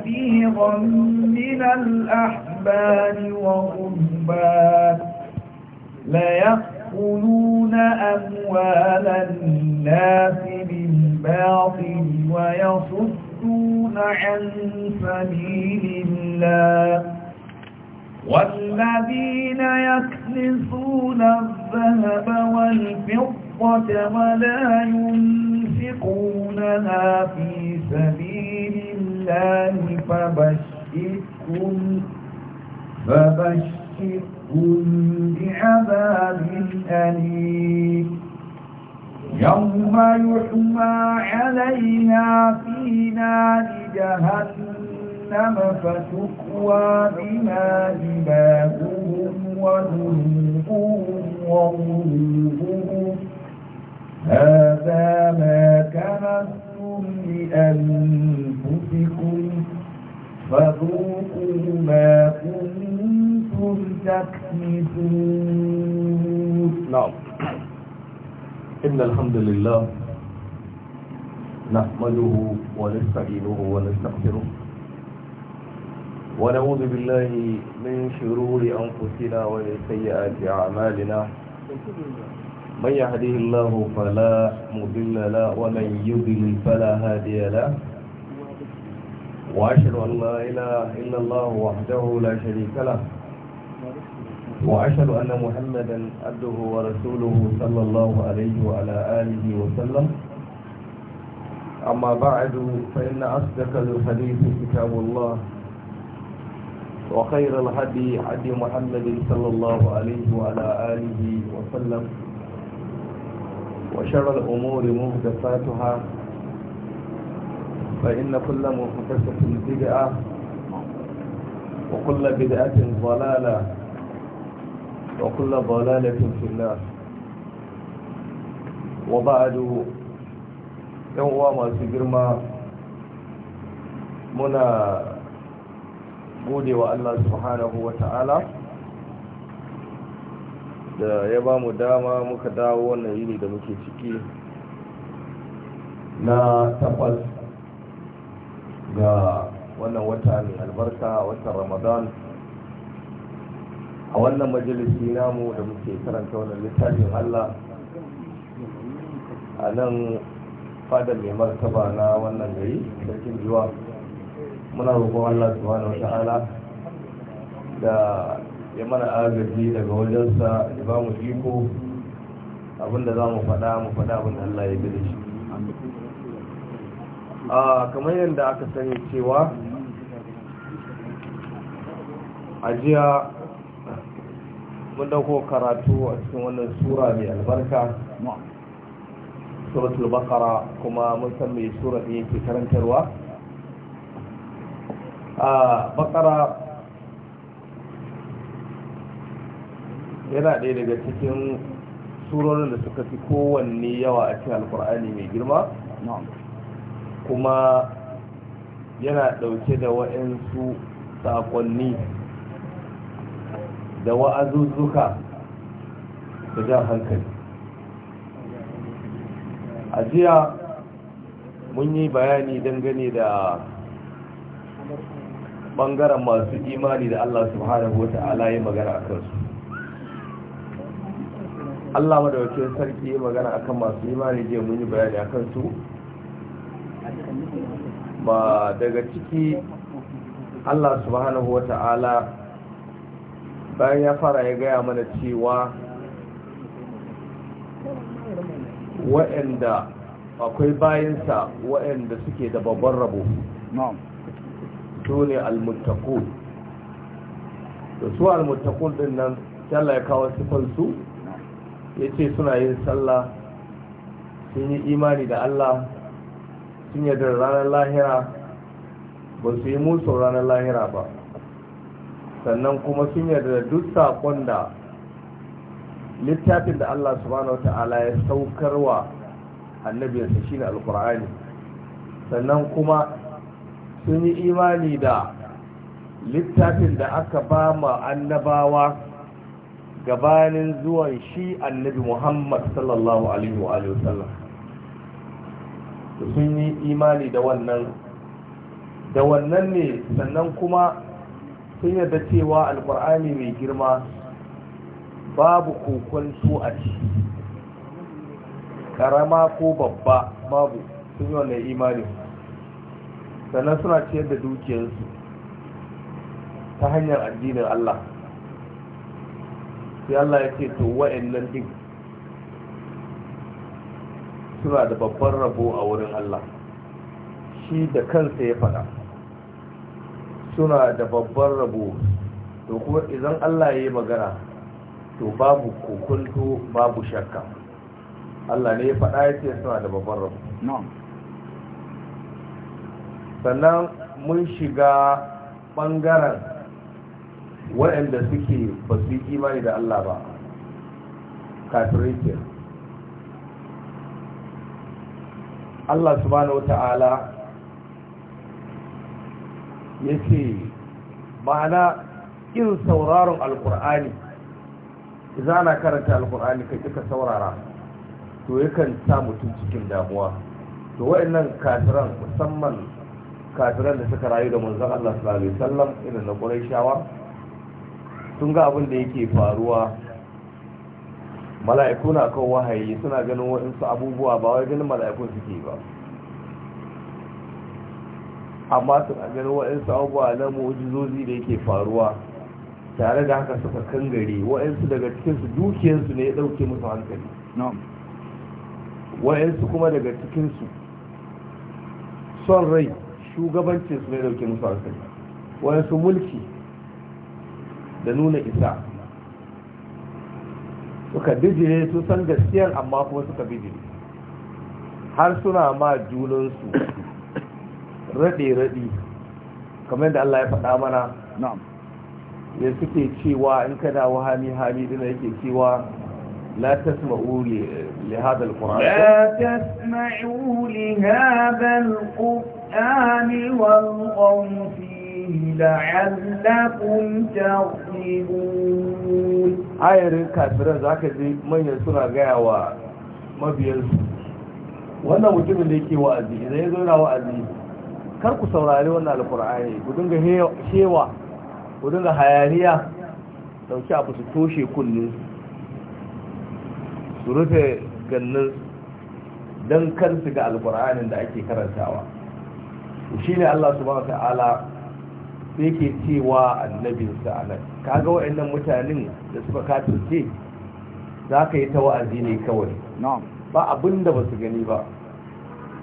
كثيرا من الأحبار والرهبان ليأكلون أموال الناس بالباطل ويصدون عن سبيل الله والذين يكنسون الذهب والفضة ولا ينفقونها في سبيل الله فبشركم فبشركم بعذاب أليم يوم يحمى علينا في نار جهنم فتكوى بما جباههم وذنوبهم وظنوبهم هذا ما كنت لأنفسكم فذوقوا ما كنتم تكسبون نعم إن الحمد لله نحمده ونستعينه ونستغفره ونعوذ بالله من شرور أنفسنا ومن سيئات أعمالنا من يهده الله فلا مضل له ومن يضل فلا هادي له وأشهد أن لا إله إلا الله وحده لا شريك له وأشهد أن محمدا عبده ورسوله صلى الله عليه وعلى آله وسلم أما بعد فإن أصدق الحديث كتاب الله وخير الهدي هدي محمد صلى الله عليه وعلى آله وسلم وشر الأمور مهدفاتها فإن كل مهدفة بدعة وكل بدعة ضلالة وكل ضلالة في الله وبعد يوم ما سجرما منا gode wa Allah subhanahu wa ta'ala da ya ba mu dama muka dawo wannan yini da muke ciki na takwas ga wannan wata mai albarka watan ramadan a wannan majalisi namu da muke karanta wannan littafin allah a nan fadar mai martaba na wannan gari sarkin jiwa muna roƙon allah subhanahu wa ta'ala da ya mana agaji daga wajensa ya ba mu iko abinda za mu faɗa mu faɗa abinda Allah ya gida shi a kamar yadda aka sani cewa ajiya mun dauko karatu a cikin wannan sura mai albarka suratul bakara kuma mun san mai sura ne yake karantarwa a bakara yana ɗaya daga cikin surorin da suka fi kowanne yawa a cikin alkur'ani mai girma kuma yana ɗauke da waɗansu saƙonni da wa'azuzzuka da jan hankali a jiya mun yi bayani dangane da ɓangaren masu imani da allah subhanahu wa ta'ala ya magana a kansu Allah ma madawacin sarki magana akan masu imani je mun yi bayani akan su ba daga ciki Allah subhanahu wata'ala bayan ya fara ya gaya mana cewa waɗanda akwai bayansa waɗanda suke da babban rabo su ne almuttaku da su almuttaku din nan Allah ya kawo sifansu ya ce suna yin sallah sun yi imani da Allah sun yi ranar lahira ba su yi musu ranar lahira ba sannan kuma sun yi da duk sakon da littafin da Allah subhanahu ta'ala ya saukarwa annabiyarsa shine alkur'ani sannan kuma sun yi imani da littafin da aka ba ma annabawa gabanin zuwan shi annabi muhammad sallallahu alaihi wa sallam sun yi imani da wannan da wannan ne sannan kuma sun yarda cewa alkur'ani mai girma babu kokon su a ci karama ko babba babu sun yi wannan imanin sannan suna ciyar da dukiyarsu ta hanyar addinin Allah sai Allah ya ce to nan din suna da babban rabo a wurin Allah shi da kansa ya faɗa suna da babban rabo to kuma idan Allah ya yi magana to babu kokunto babu shakka Allah ne ya faɗa ya ce suna da babban rabo sannan mun shiga ɓangaren waɗanda suke ba su yi imani da Allah ba kafirai Allah subhanahu wata'ala ya ce ma'ana irin sauraron alkur'ani za na karanta alkur'ani kai kika saurara to yakan sa mutum cikin damuwa to waɗannan kafiran musamman kafiran da suka rayu da manzon Allah sallallahu alaihi wasallam irin na Qurayshawa sun ga abin da yake faruwa mala'iku na kan wahayi suna ganin waɗansu abubuwa ba wai ganin mala'ikun suke ba amma suna ganin waɗansu abubuwa na mujizozi da yake faruwa tare da haka suka kan gari waɗansu daga cikinsu dukiyarsu ne ya ɗauke musu hankali waɗansu kuma daga cikinsu son rai shugabancinsu ne ya ɗauke musu hankali waɗansu mulki da nuna isa suka bijire su san gaskiyar amma kuma suka bijire har suna ma junansu raɗe-raɗi kamar da Allah ya faɗa mana ya suke cewa in ka dawo hami-hami dina yake cewa لا تسمعوا لهذا القرآن لا تسمعوا لهذا القرآن والغوا فيه la'allakum ta'qilun zaka ji manyan suna gaya wa mabiyansu wannan mutumin da yake wa'azi idan ya zo na wa'azi kar ku saurari wannan alkur'ani ku dinga shewa ku dinga hayaniya dauki abu su toshe su rufe gannin don kansu ga alkur'anin da ake karantawa shi ne Allah subhanahu ta'ala sai ke cewa annabinsa a nan kaga wa'annan mutanen da suka kafirce za ka yi ta wa'azi ne kawai ba abin da ba su gani ba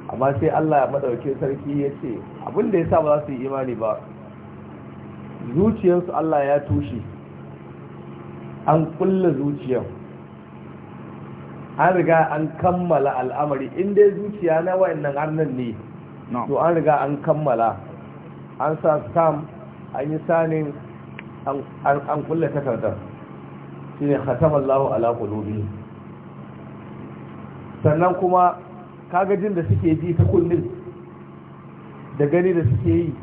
amma sai allah ya maɗauki sarki ya ce abin da ya sa ba za su yi imani ba zuciyarsu allah ya tushe an kulla zuciyar an riga an kammala al'amari inda zuciya na wa'annan harnan ne to an riga an kammala an sa stamp an yi sanin an kulle takardar shi ne khatamallahu ala qulubi sannan kuma kagajin da suke ji ta kullum da gani da suke yi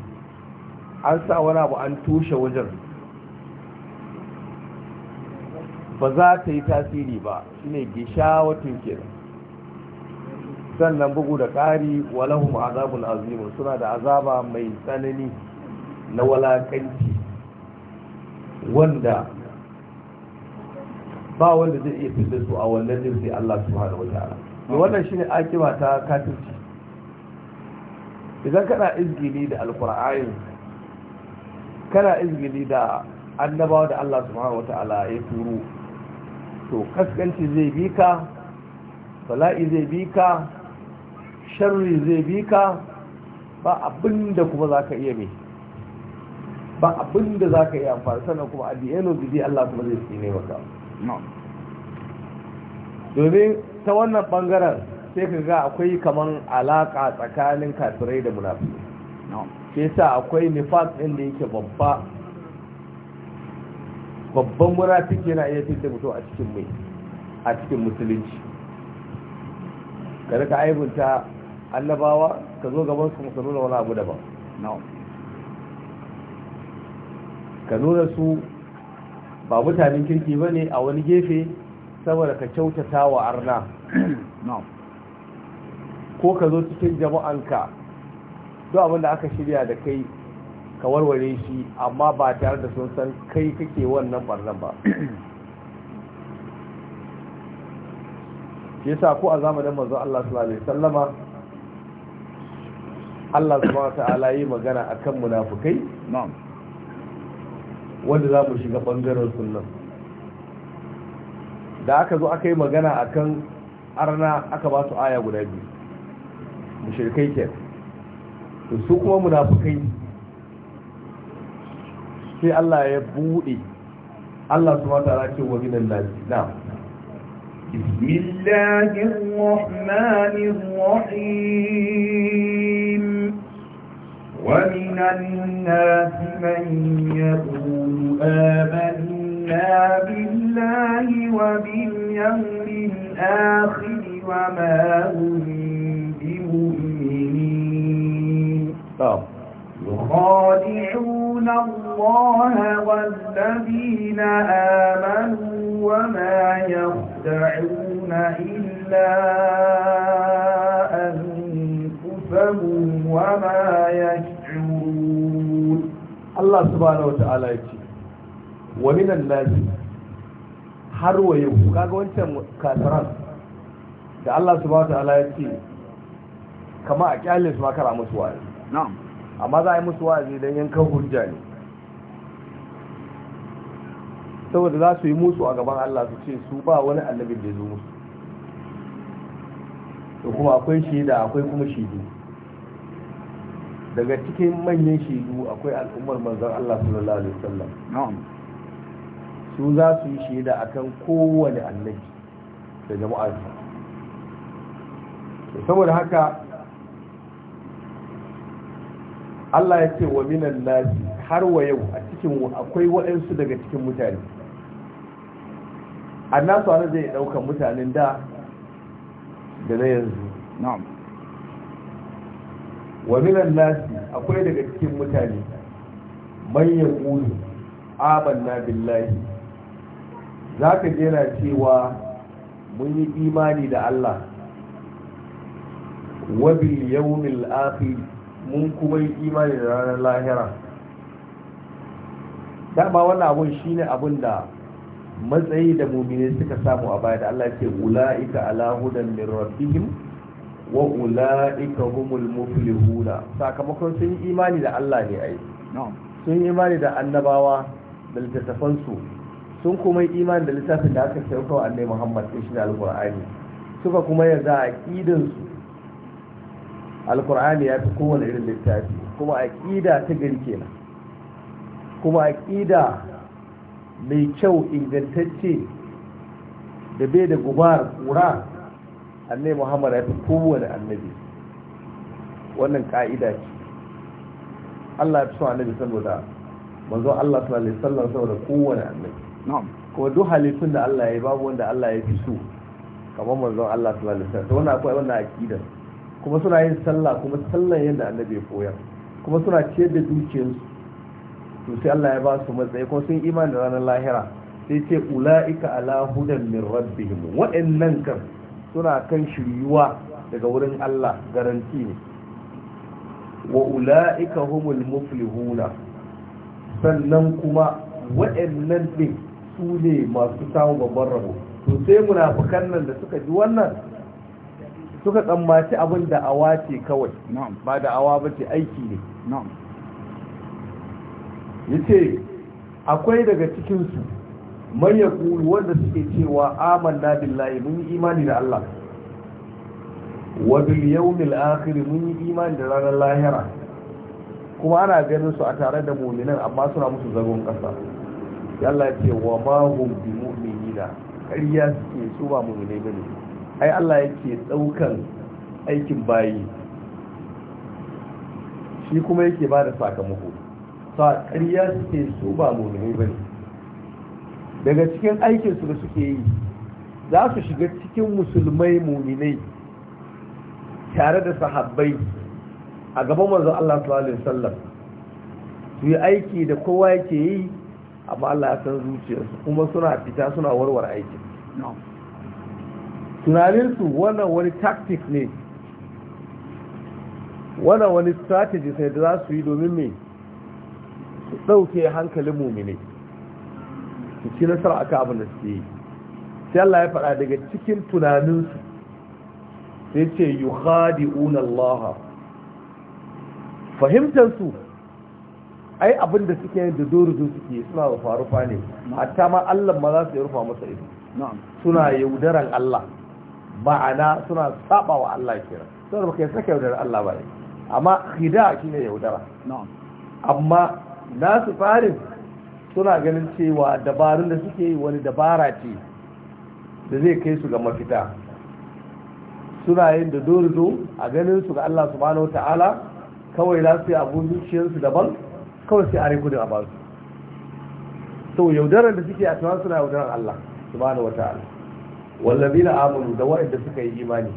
an sa wani abu an tushe wajen ba za ta yi tasiri ba shi ne gishawatun kenan sannan bugu da ƙari walahu azabun azimun suna da azaba mai tsanani na walakanci wanda ba wanda zai iya fitar su a wannan jirgin Allah subhanahu wataala to wannan ne akiba ta kafirci idan kana izgini da alkur'ayin kana izgini da annabawa da Allah subhanahu wataala ya turu, to kaskanci zai bi ka bala'i zai bi ka sharri zai bi ka ba abinda kuma za ka iya mai ba abin da za ka yi amfani sannan kuma a the end of Allah kuma zai tsine maka domin ta wannan bangaren sai ka ga akwai kamar alaka tsakanin kafirai da munafiki ke sa akwai nifas ɗin da yake babba babban munafiki yana iya fitar mutum a cikin mai a cikin musulunci ka rika aibunta annabawa ka zo gaban su musulun wani abu daban ka nuna su ba mutanen kirki ba ne a wani gefe saboda ka kyautata wa arna ko ka zo cikin jama'anka duk abin aka shirya da kai ka warware shi amma ba tare da sun san kai kake wannan barnan ba shi yasa ko a zamanin manzo Allah sallallahu alaihi sallama Allah subhanahu wa ta'ala yi magana akan munafukai na'am wanda za mu shiga bangaren sunan da aka zo aka yi magana a kan arna aka ba su aya guda biyu mushirkai ke su kuma munafukai sai Allah ya buɗe Allah su mata ra ce wa lafi na bismillahirrahmanirrahim ومن الناس من يقول آمنا بالله وباليوم الآخر وما هم بمؤمنين نعم. يخادعون الله والذين آمنوا وما يخدعون إلا أنفسهم وما يشاءون Allah يعلمون الله سبحانه وتعالى wani nan nazi har wa yau kaga wancan kasaran da Allah subhanahu wa ta'ala ya ce kama a kyalin su makara musu wa'azi amma za a yi musu wa'azi don kan hujja ne saboda za su yi musu a gaban Allah su ce su ba wani annabin da ya zo musu Da kuma akwai shida, akwai kuma shaidu daga cikin manyan shaidu akwai al'ummar manzan Allah sallallahu alaihi wasallam su za su yi shaida akan kowane annabi da jama'arsa saboda haka Allah ya ce wa minan nasi har wa yau a cikin akwai waɗansu daga cikin mutane annasu ana zai ɗaukar mutanen da da na yanzu na'am wa minan nasi akwai daga cikin mutane manyan aban amanna billahi za ka jera cewa mun yi imani da Allah wabil yawmil akhir mun kuma yi imani da ranar lahira dama wannan abun shine abun da matsayi da mumine suka samu a baya da Allah ke ce ita ala hudan wa ula'ika humul muflihuna sakamakon sun yi imani da Allah ne ai sun yi imani da annabawa da littattafansu sun kuma yi imani da littafin da aka sauka wa annabi Muhammad shi da alqur'ani suka kuma yanzu a aqidan su ya fi kowane irin littafi kuma aqida ta gari kenan kuma aqida mai kyau ingantacce da bai da gubar kura annai muhammad ya fi kowane annabi wannan ka'ida ce allah ya fi son annabi saboda manzo allah sallallahu alaihi wasallam saboda kowane annabi kuma duk halittun da allah ya babu wanda allah ya fi so kamar manzo allah sallallahu alaihi wasallam wannan akwai wannan aqidar kuma suna yin sallah kuma sallan yadda annabi ya koyar kuma suna ciyar da dukiyarsu to sai Allah ya ba su matsayi kuma sun imani da ranar lahira sai ce ula'ika ala hudan min rabbihim wa'annan kan suna kan shiryuwa daga wurin Allah garanti ne wa ula'ika humul muflihuna sannan kuma waɗannan ɗin su ne masu samun babban rabo to sai munafukan nan da suka ji wannan suka tsammaci abin da awa ce kawai ba da awa ba ce aiki ne ya ce akwai daga cikinsu man wanda suke cewa na billahi mun yi imani da Allah Wadul yau, yawmil mun yi imani da ranar lahira kuma ana ganin su a tare da mu'minan amma suna musu zagon kasa Yalla ce wa ma hum bi da ƙarya suke su ba bane ai Allah yake daukan aikin bayi shi kuma yake ba da sakamako sa ƙarya suke su ba mu'minai bane daga cikin aikinsu da suke yi za su shiga cikin musulmai muminai tare da sahabbai a gaban manzon Allah sallallahu alaihi wasallam su yi aiki da kowa yake yi amma Allah ya san zuciyarsu kuma suna fita suna warware aikin tunaninsu wannan wani tactic ne wannan wani strategy sai da za su yi domin me su ɗauke hankalin muminai su ci nasara aka abin da suke yi sai Allah ya faɗa daga cikin tunaninsu sai ce yi khadi'un Allah fahimtansu ai abin da suke yin da dorudu suke suna da farufa ne hatta ma Allah ma za su yi rufa masa ido suna yaudaran Allah ma'ana suna saba wa Allah kira saboda baka yi saka yaudaran Allah ba ne amma khida shine yaudara amma nasu farin suna ganin cewa dabarun da suke wani dabara ce da zai kai su ga mafita suna yin da dorido a ganin su ga Allah subhanahu ta'ala kawai za su yi abun su daban kawai sai a rai a ba su sau yaudarar da suke a tunan suna yaudarar Allah subhanahu ta'ala wallabi na amuru da waɗanda suka yi imani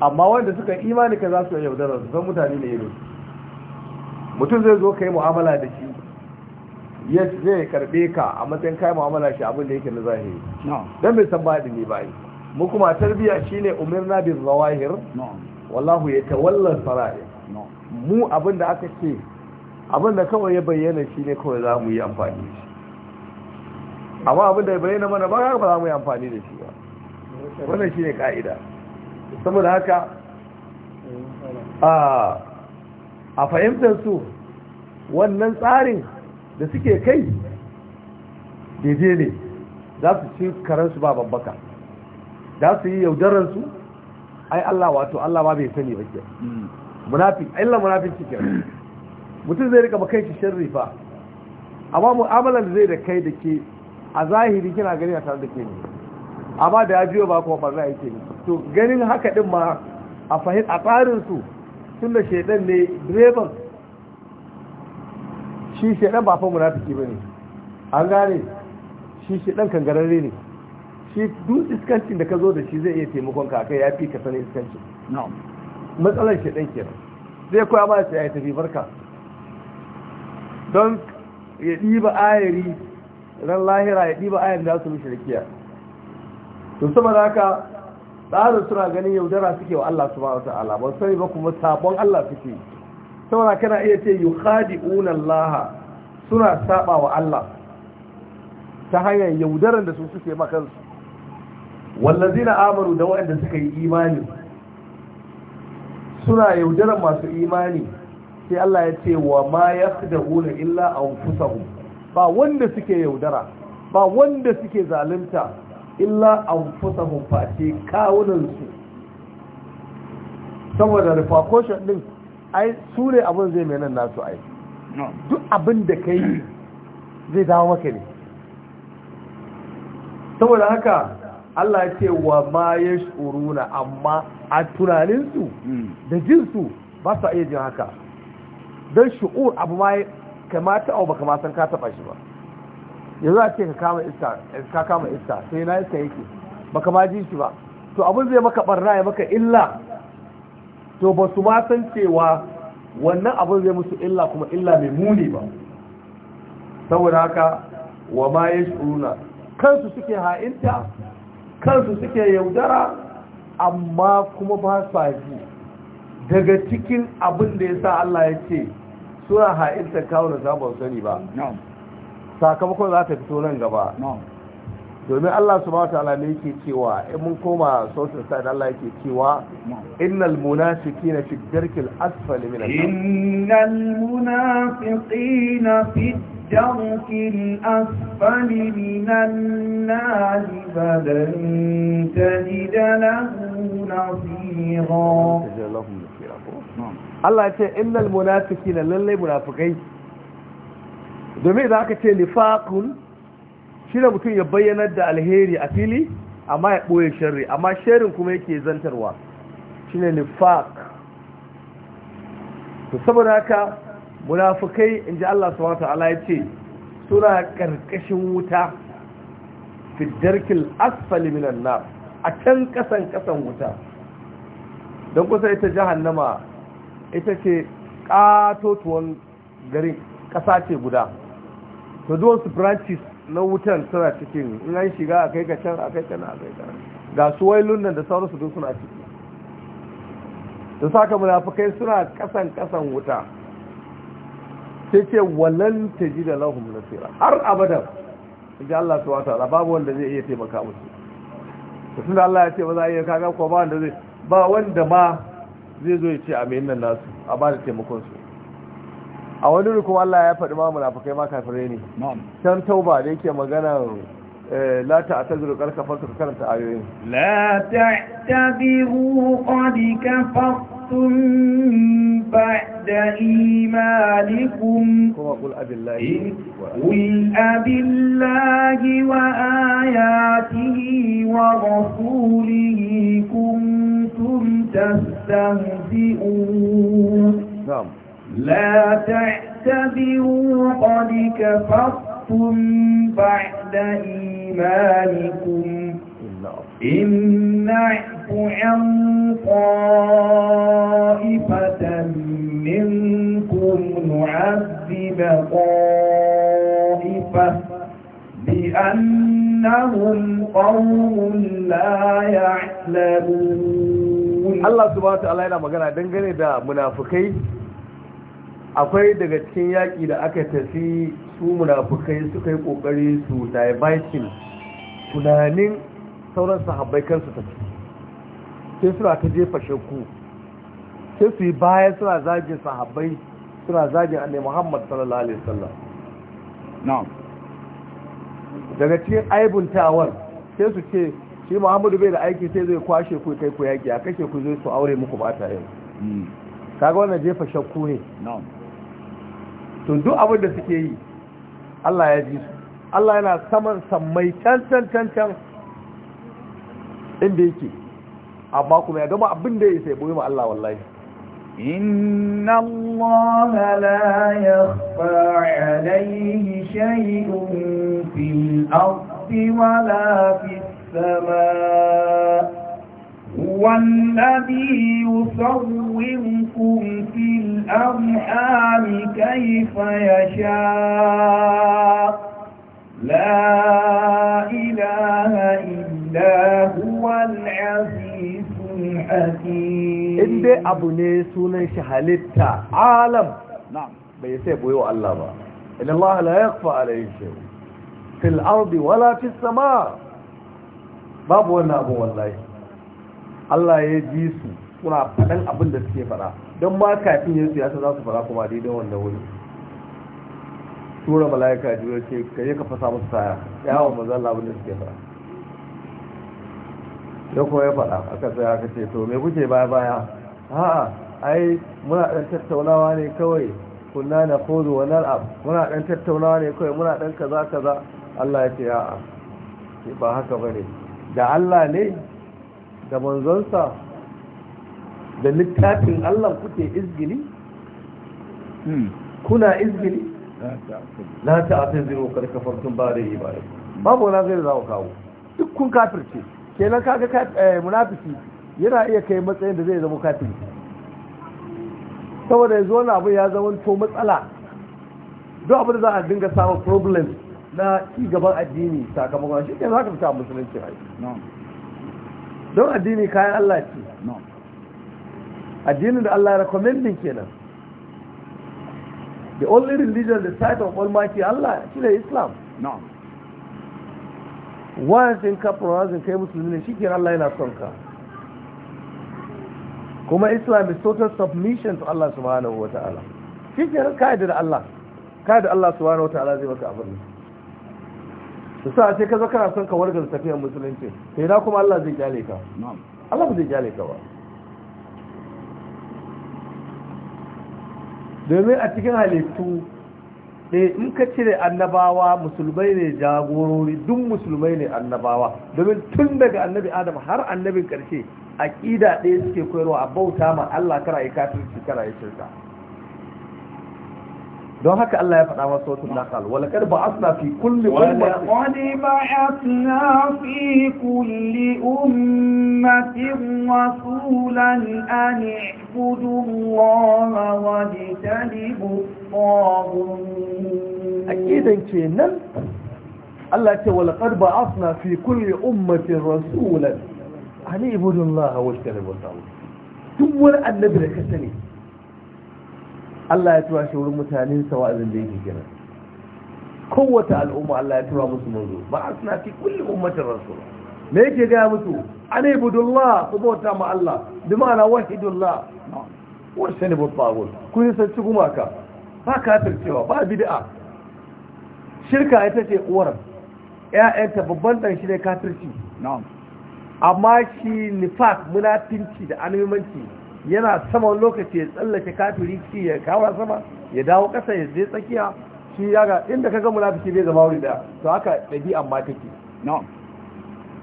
amma wanda suka yi imani ka za su yaudarar su don mutane ne ido, mutum zai zo ka yi mu'amala da shi ya zai karbe ka a matsayin kai mu'amala shi abin da yake na zahiri dan bai san ba ne ba mu kuma tarbiya shine umirna bil zawahir wallahu yatawalla sara'i mu abin da aka ce abin da kawai ya bayyana shine kawai za mu yi amfani da shi amma abin da ya bayyana mana ba ba za mu yi amfani da shi ba wannan shine ka'ida saboda haka a fahimtar su wannan tsarin da suke kai daidai ne za su ci karansu ba babbaka za su yi yaudararsu ai Allah wato Allah ma bai sani ba ke munafi illa munafi cikin mutum zai rika makai shi sharri fa amma mu'amalar zai da kai da ke a zahiri kina gani a tare da ke ne amma da ya biyo ba kuma barna yake ne to ganin haka din ma a fahim a tsarin su tun da shaidan ne direban shi shi ba fa munafiki ne. an gane shi shi ɗan kangararre ne shi duk iskancin da ka zo da shi zai iya taimakon ka kai ya fi ka sanin iskancin matsalar shedan kenan zai koya ma sai ya tafi barka don ya ɗiba ayari ran lahira ya ɗiba ayar da su mishi rikiya to saboda haka tsarin suna ganin yaudara suke wa Allah subhanahu ta'ala ban sai ba kuma sabon Allah suke saboda kana iya ce unan Laha suna saba wa Allah ta hanyar yaudaran da su suke makansu kansu Zina amuru da waɗanda suka yi imani suna yaudaran masu imani sai Allah ya ce wa ma yakhda'una illa anfusahum ba wanda suke yaudara ba wanda suke zalunta illa anfusahum fa ce kawunan su saboda rufakoshin din ai su ne abin zai mai nan nasu ai duk abin da ka yi zai dawo maka ne saboda haka Allah ya ce wa ma ya shuruna amma a tunaninsu mm. da jinsu ba su iya jin haka don shu'ur abu ma kamata au ba ma ka taba shi ba yanzu a ce ka kama iska ka kama iska sai na iska yake baka ma ji shi ba to abin zai maka barna ya maka illa to ba su ma san cewa wannan abin zai musu illa kuma illa mai muni ba saboda haka wa ma ya shuruna kansu suke ha'inta kansu suke yaudara amma kuma ba su haji daga cikin abin da ya sa Allah ya ce suna ha'inta kawo da sabon sani ba sakamakon za ta fito nan gaba domin Allah subhanahu wataala ne yake cewa in mun koma sautin sa'id Allah yake cewa innal munafiqina fi ddarkil asfali minan nar innal munafiqina fi ddarkil asfali minan nar badan tajida lahu nasira Allah ya ce innal munafiqina lallai munafikai domin idan aka ce nifaqun shi mutum ya bayyanar da alheri a fili amma ya ɓoye sharri amma shirin kuma yake zantarwa shine ne nifak to saboda haka munafukai in ji Allah subhanahu ta'ala ya ce suna ƙarƙashin wuta fi darkil asfali minan na a can kasan kasan wuta don kusa ita jahannama ita ce ƙatotuwan garin ƙasa ce guda to duwansu branches na wutan suna cikin in an shiga a kai ka can a kai ka a kai ga su wailun nan da sauransu duk suna ciki da saka munafukai suna kasan kasan wuta sai ce walan ji da lahum nasira har abada inda Allah ta wata babu wanda zai iya taimaka musu Da tunda Allah ya ce ba za a iya kaga ko ba wanda zai ba wanda ma zai zo ya ce a mai nan nasu a ba da taimakon su a wani ruku Allah ya faɗi ma munafukai ma kafire ne can tauba da yake magana eh, la ta tazuru kar kafar ka karanta ayoyin la ta tabiru qad kafatum ba'da imanikum kuma qul abillahi wa abillahi wa ayatihi wa rasulihi kuntum tastahzi'un na'am لا تعتذروا قد كفرتم بعد إيمانكم إن نعف عن طائفة منكم نعذب طائفة بأنهم قوم لا يعلمون الله سبحانه وتعالى لما magana dangane دا منافقين akwai daga cikin yaƙi da aka tafi su munafukai suka yi ƙoƙari su daibaitin tunanin sauran sahabbai kansu tafi sai suna ta jefa shakku sai su yi baya suna zagin sahabbai suna zagin annai muhammad sallallahu alaihi wasallam na daga cikin aibun tawar sai su ce shi muhammadu bai da aiki sai zai kwashe ku kai ku yaƙi a kashe ku zai su aure muku ba ta yau hmm. kaga wannan jefa shakku ne to duk abin da suke yi Allah ya ji su Allah yana saman samai can can can can inda yake amma kuma ya gama abin da ya sai boye ma Allah wallahi inna Allah la yakhfa alayhi shay'un fil ardi wala fis samaa huwa alladhi yusawwirukum fil الأرحام كيف يشاء لا إله إلا هو العزيز الحكيم إن أبو نيسون شهلتا عالم نعم بيسيب ويو الله با إن الله لا يخفى عليه شيء في الأرض ولا في السماء babu wannan abu wallahi Allah ya ji su suna faɗan abin da suke faɗa don ba kafin yin siyasa za su fara kuma daidai wanda wuri tura mala'ika jiwa ce ka yi ka fasa musu taya yawon mazan labin da suke fara ya kuma ya fara aka tsaye aka ce to me kuke baya baya a'a ai muna dan tattaunawa ne kawai kunna na kozo wa nal'ab muna dan tattaunawa ne kawai muna dan kaza kaza Allah ya ce a'a ba haka ba ne da Allah ne da manzonsa da littafin Allah kuke izgili hmm. kuna izgili la ta'taziru qad kafartum ba'da ba ba wani zai zawo kawo duk kun kafirce kenan kaga eh, munafiki yana iya kai matsayin da zai zama kafiri saboda yanzu wani abu ya zama to matsala duk abin da za a dinga samun problem na gaban addini sakamakon shi ke za ka fita musulunci rai don addini kayan Allah ce addinin da Allah ya recommending kenan the only religion the side of almighty Allah shine Islam na'am wayancin ka pronouncing kai musulmi ne ke Allah yana son ka kuma Islam is total submission to Allah subhanahu wa ta'ala shike ka yadda da Allah ka yadda Allah subhanahu wa ta'ala zai maka abin da sa sai ka zo kana son ka warga tafiyar musulunci sai na kuma Allah zai kyale ka Allah ba zai kyale ka ba domin a cikin halittu eh in ka cire annabawa musulmai ne jagorori duk musulmai ne annabawa domin tun daga annabi adam har annabin karshe ƙida ɗaya suke koyarwa a bauta ma Allah kara yi kafirci kara yi shirka don haka Allah ya faɗa masa wasu nakal wala kad ba'athna fi kulli ummatin wala qad ba'athna fi kulli ummatin rasulan an i'budu Allah wa tajtanibu at-taghut akidan kenan Allah ce wala kad ba'athna fi kulli ummatin rasulan an i'budu Allah wa tajtanibu at-taghut duk wani annabi da ka sani Allah ya tura shi wurin mutanen sa wa'azin da yake kira kowace al'umma Allah ya tura musu manzo ba suna fi kulli ummatin rasul me yake ga musu an ibudullah ku bauta ma Allah bi ma'ana wahidullah wa bu tawul ku yi sanci gumaka ba cewa ba bid'a shirka ita ce uwar Ya'yanta babban dan shi ne kafirci na'am amma shi nifaq munafinci da annabimanci yana sama lokaci ya tsallake kafiri ci ya kawo sama ya dawo ƙasa ya je tsakiya shi ya ga inda ka kaga munafiki bai zama wuri daya to haka ɗabi'an ma take na'am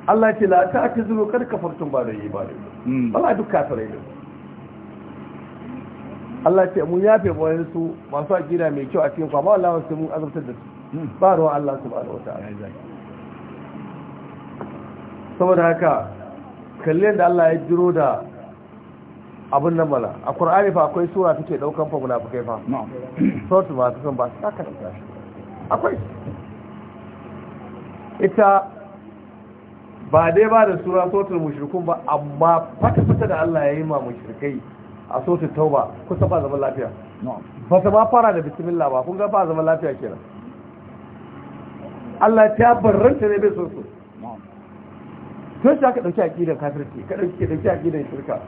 Allah ce la ta ake zuru kar kafartun ba da yi ba hmm. da yi ba duk kafirai yi Allah ce mun yafe bayan su masu akira mai kyau a cikin kwama Allah wasu mun azabtar da su hmm. ba wa Allah su ba da wata saboda haka kallon da Allah ya jiro da abin nan bala a ƙur'ani fa akwai sura take daukan fa munafikai fa suratul munafiqun ba ta ka dauka shi akwai ita ba dai ba da sura suratul mushrikun ba amma fata fata da Allah ya yi ma mushrikai a suratul tauba kusa ba zaman lafiya ba ta ma fara da bismillah ba kun ga ba zaman lafiya kenan Allah ta barranta ne bai so su tun shi aka dauki aqidar kafirci ka dauki dauki aqidar shirka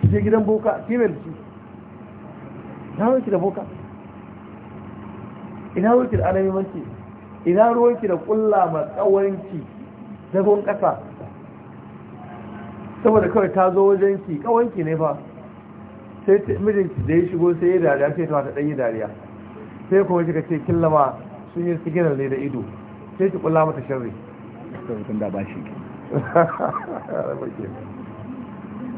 ki je gidan boka female ce ina ruwanki da boka ina ruwanki da alamimanci ina ruwanki da kulla matsawarinki zagon ƙasa saboda kawai ta zo wajenki ƙawanki ne fa sai mijinki da ya shigo sai ya dariya sai ta ɗanyi dariya sai kuma kika ce killama sun yi siginar ne da ido sai ki kulla mata sharri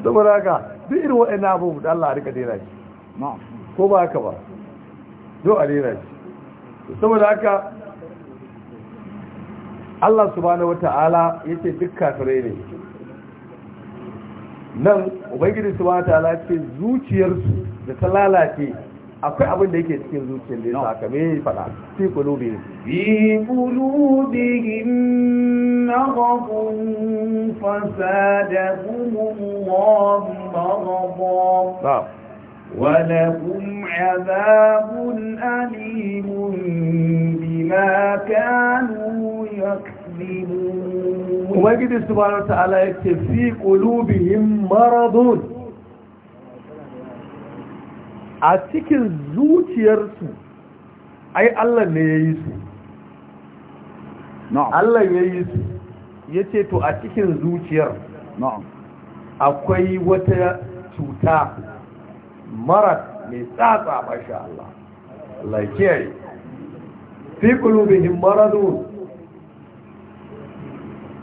saboda haka duk irin waɗannan abubuwa da Allah a rika dera shi ko ba haka ba do a dera shi saboda haka Allah subhanahu wata'ala yace dukka kafirai ne nan ubangiji subhanahu wata'ala ce zuciyarsu da ta lalace akwai abin da yake cikin zuciyar da ya kame fada fi kulubi fi kulubi naghbun fasadahum Allah maghba ولهم عذاب أليم بما كانوا يكذبون وجد سبحانه وتعالى يكتب في قلوبهم مرضون a cikin zuciyarsu ai Allah ne ya yi su Allah ya yi su ya ce to a cikin zuciyar akwai wata cuta marar mai tsatsa mashi Allah Allah kiyaye fi kulubihim maradu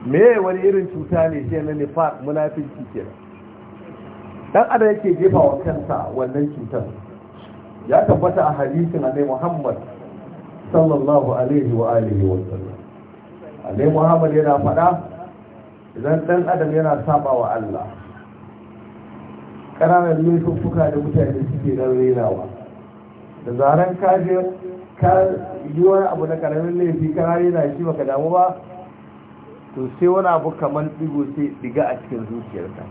me wani irin cuta ne shi na nifaq munafin cikin dan adam yake jefa wa kansa wannan cutar ya tabbata a hadisin annabi Muhammad sallallahu alaihi wa alihi wa sallam Muhammad yana faɗa idan dan adam yana saba wa Allah ƙananan laifuffuka da mutane suke dan renawa da zaren ka je ka yi wani abu na ƙaramin laifi ka rena shi baka damu ba to sai wani abu kamar ɗigo sai diga a cikin zuciyarka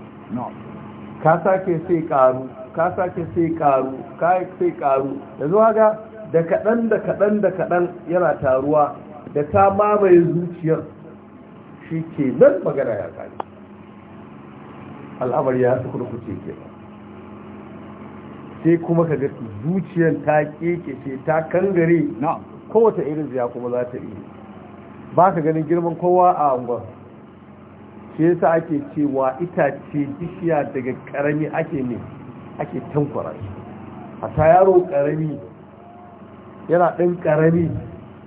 ka sake sai ƙaru. ka sake sai karu ka sai karu yanzu haka da kaɗan da kaɗan da kaɗan yana taruwa da ta mamaye zuciyar shi ke nan magana ya kare al'amari ya su kurkuce ke sai kuma ka ga zuciyar ta keke ce ta kangare kowace irin ziya kuma za ta iya ba ka ganin girman kowa a angon shi yasa ake cewa itace bishiya daga karami ake ne ake tankwara shi a ta yaro karami yana ɗan karami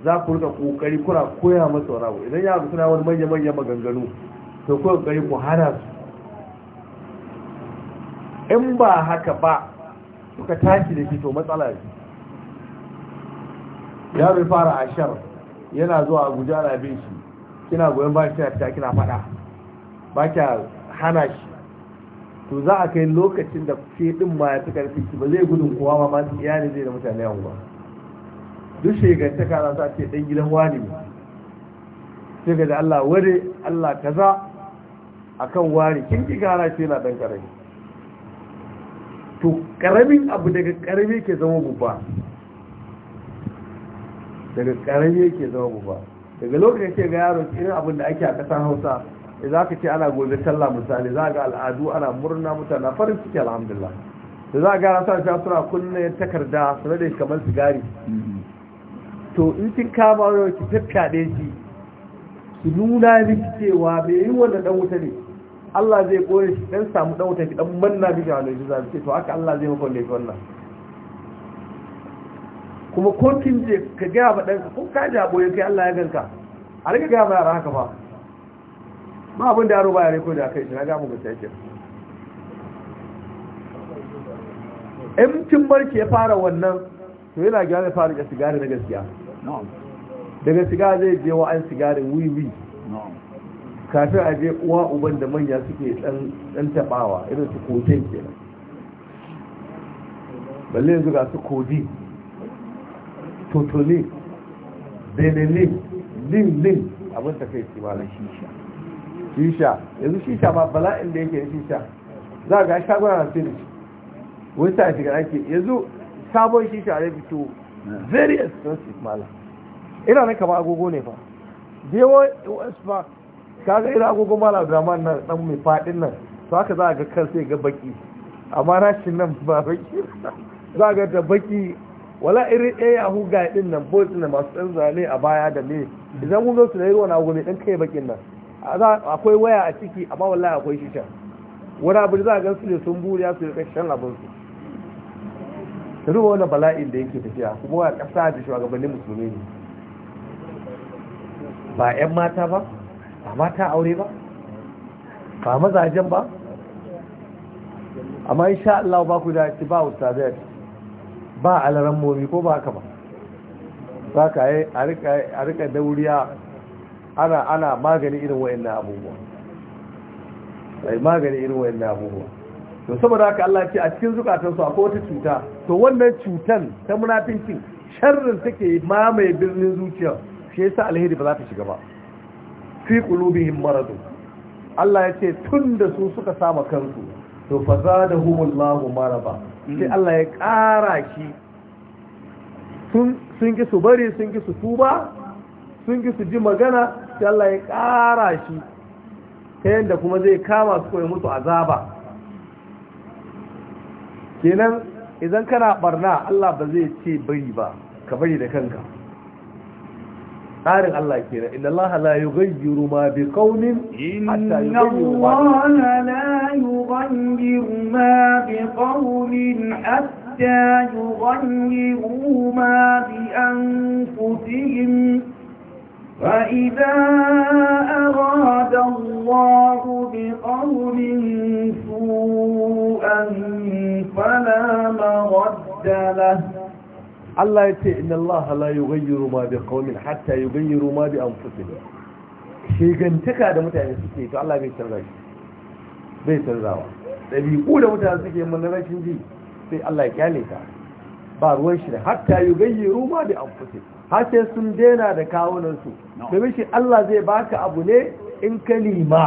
za ku rika kokari kura koya masa wani abu idan yaro suna wani manya-manya maganganu to kuma kokari ku hana su in ba haka ba suka tashi da fito to matsala ne yaro ya fara ashar yana zuwa abuja guji bin shi kina goyon ba shi ta kina faɗa ba kya hana shi to za a kai lokacin da ke din ma ya fi karfi ba zai gudun kowa ma masu iyali zai da mutane yawon ba duk kara za ta ce dan gidan wani ne sai ga da Allah ware Allah kaza akan wani kin ki kara ce na dan karami to karamin abu daga karami ke zama babba daga karami ke zama babba daga lokacin ce ga yaro irin abin da ake a kasar Hausa za ka ce ana gobe sallah misali za ga al'adu ana murna mutane farin ciki alhamdulillah da za ga rasa ta suna kunne takarda sai da kamar sigari to in kin kama wani ki da shi ki nuna miki cewa me yi wanda dan wuta ne Allah zai kore shi dan samu dan wuta ki dan manna miki wanda ji zai to haka Allah zai maka wanda yake wannan kuma ko kin je ka ga ba dan ko ka jabo yake Allah ya ganka a riga ga ba yara haka ba. ma abin da yaro baya riko da kai shi na gamu ba sai in cin barki ya fara wannan to yana gyara ya fara ga sigari na gaskiya daga sigari zai je wa an sigarin wiwi kafin a je uwa uban da manya suke dan tabawa irin su ke nan balle yanzu ga su kodi totoli benin lin lin abin da kai na shisha shisha yanzu shisha ma bala'in da yake shisha za ga shaguna na finish wani sa shiga ake yanzu sabon shisha ya fito very expensive mala ina na kama agogo ne fa dewa wasu ba kaga ina agogo mala draman nan dan mai fadin nan to haka za a ga kan sai ga baki amma rashin nan ba baki za a ga da baki wala irin ɗaya yahu ga ɗin nan bolt na masu ɗan zane a baya da ne idan kun zo su da yi ruwan agogo mai ɗan kai bakin nan akwai waya a ciki amma wallahi akwai shi can wani abu da za a gan su ne sun buriya su rika shan abinsu su ta duba wani bala'in da yake tafiya kuma wa ƙasa da shugabannin musulmi ne ba 'yan mata ba ba mata aure ba ba mazajen ba amma sha Allah ba ku da ci ba zai ba alaran momi ko ba haka ba za ka yi a rika dauriya ana ana magani irin wayannan abubuwa sai magani irin wayannan abubuwa to saboda haka Allah ya ce a cikin zukatan su akwai wata cuta to wannan cutan ta munafinci sharrin take mamaye birnin zuciya shi yasa alheri ba za ta shiga ba fi qulubihim maradu. Allah ya ce tun da su suka sama kansu to fa maraba sai hmm. Allah ya ƙara shi sun ki su bari sun ki su tuba sun ki su ji magana sai Allah ya ƙara shi ta yadda kuma zai kama su koyi musu azaba kenan idan kana barna Allah ba zai ce bari ba ka bari da kanka tsarin Allah da inda Allah la yughayyiru ma bi kaunin hatta yi ma la ma bi an kutu فإذا أراد الله بقوم سوءا فلا مرد له الله يتي إن الله لا يغير ما بقوم حتى يغير ما بأنفسهم shigantaka da mutane suke to Allah bai canza shi bai canzawa ɗabi'u da mutane suke mun rashin ji sai Allah ya kyale ta ba ruwan shi da hatta yi gayyaru ruwa da amfusi hatta sun dena da kawunansu domin shi Allah zai baka abu ne in ka nima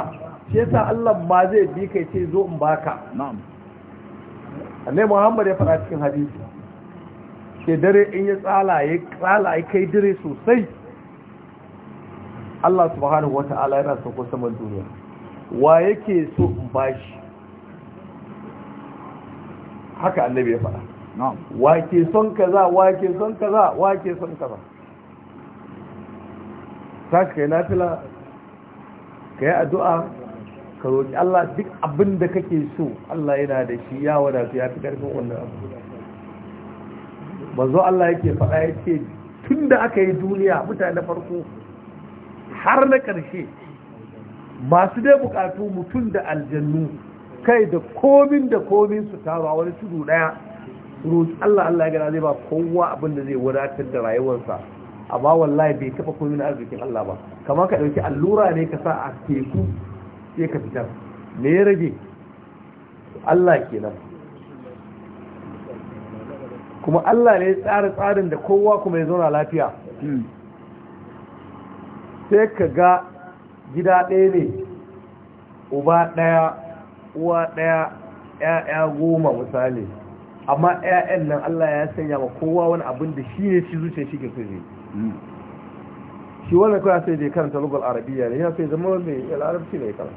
shi yasa Allah ma zai bi kai ce zo in baka Allah muhammad ya faɗa cikin hadisi ke dare in ya tsala ya tsala ya kai dare sosai Allah subhanahu wata'ala yana sauko saman duniya wa yake so in bashi haka annabi ya faɗa wake son kaza wake son kaza wake son kaza tashi kai nafila ka yi addu'a ka roƙi Allah duk abin da kake so Allah yana da shi ya wadatu ya fi ƙarfin wannan abu manzo Allah yake faɗa ya ce tun da aka yi duniya mutane farko har na ƙarshe masu dai buƙatu mutum da aljannu kai da komin da komin su taru a wani tudu ɗaya roƙi Allah Allah ya gana zai ba kowa abin da zai wadatar da rayuwarsa a ba wallahi bai taɓa komi na arzikin Allah ba kamar ka ɗauki allura ne ka sa a teku sai ka fitar me ya rage Allah kenan kuma Allah ne tsara tsarin da kowa kuma ya zauna lafiya sai ka ga gida ɗaya ne uba ɗaya uwa ɗaya 'ya'ya goma misali amma 'ya'yan nan Allah ya sanya wa kowa wani abin da shi ne shi zuciya shi ke so ne hmm. shi wannan kawai sai da karanta lugal arabiya ne ya sai zama mai al'arabci ne kala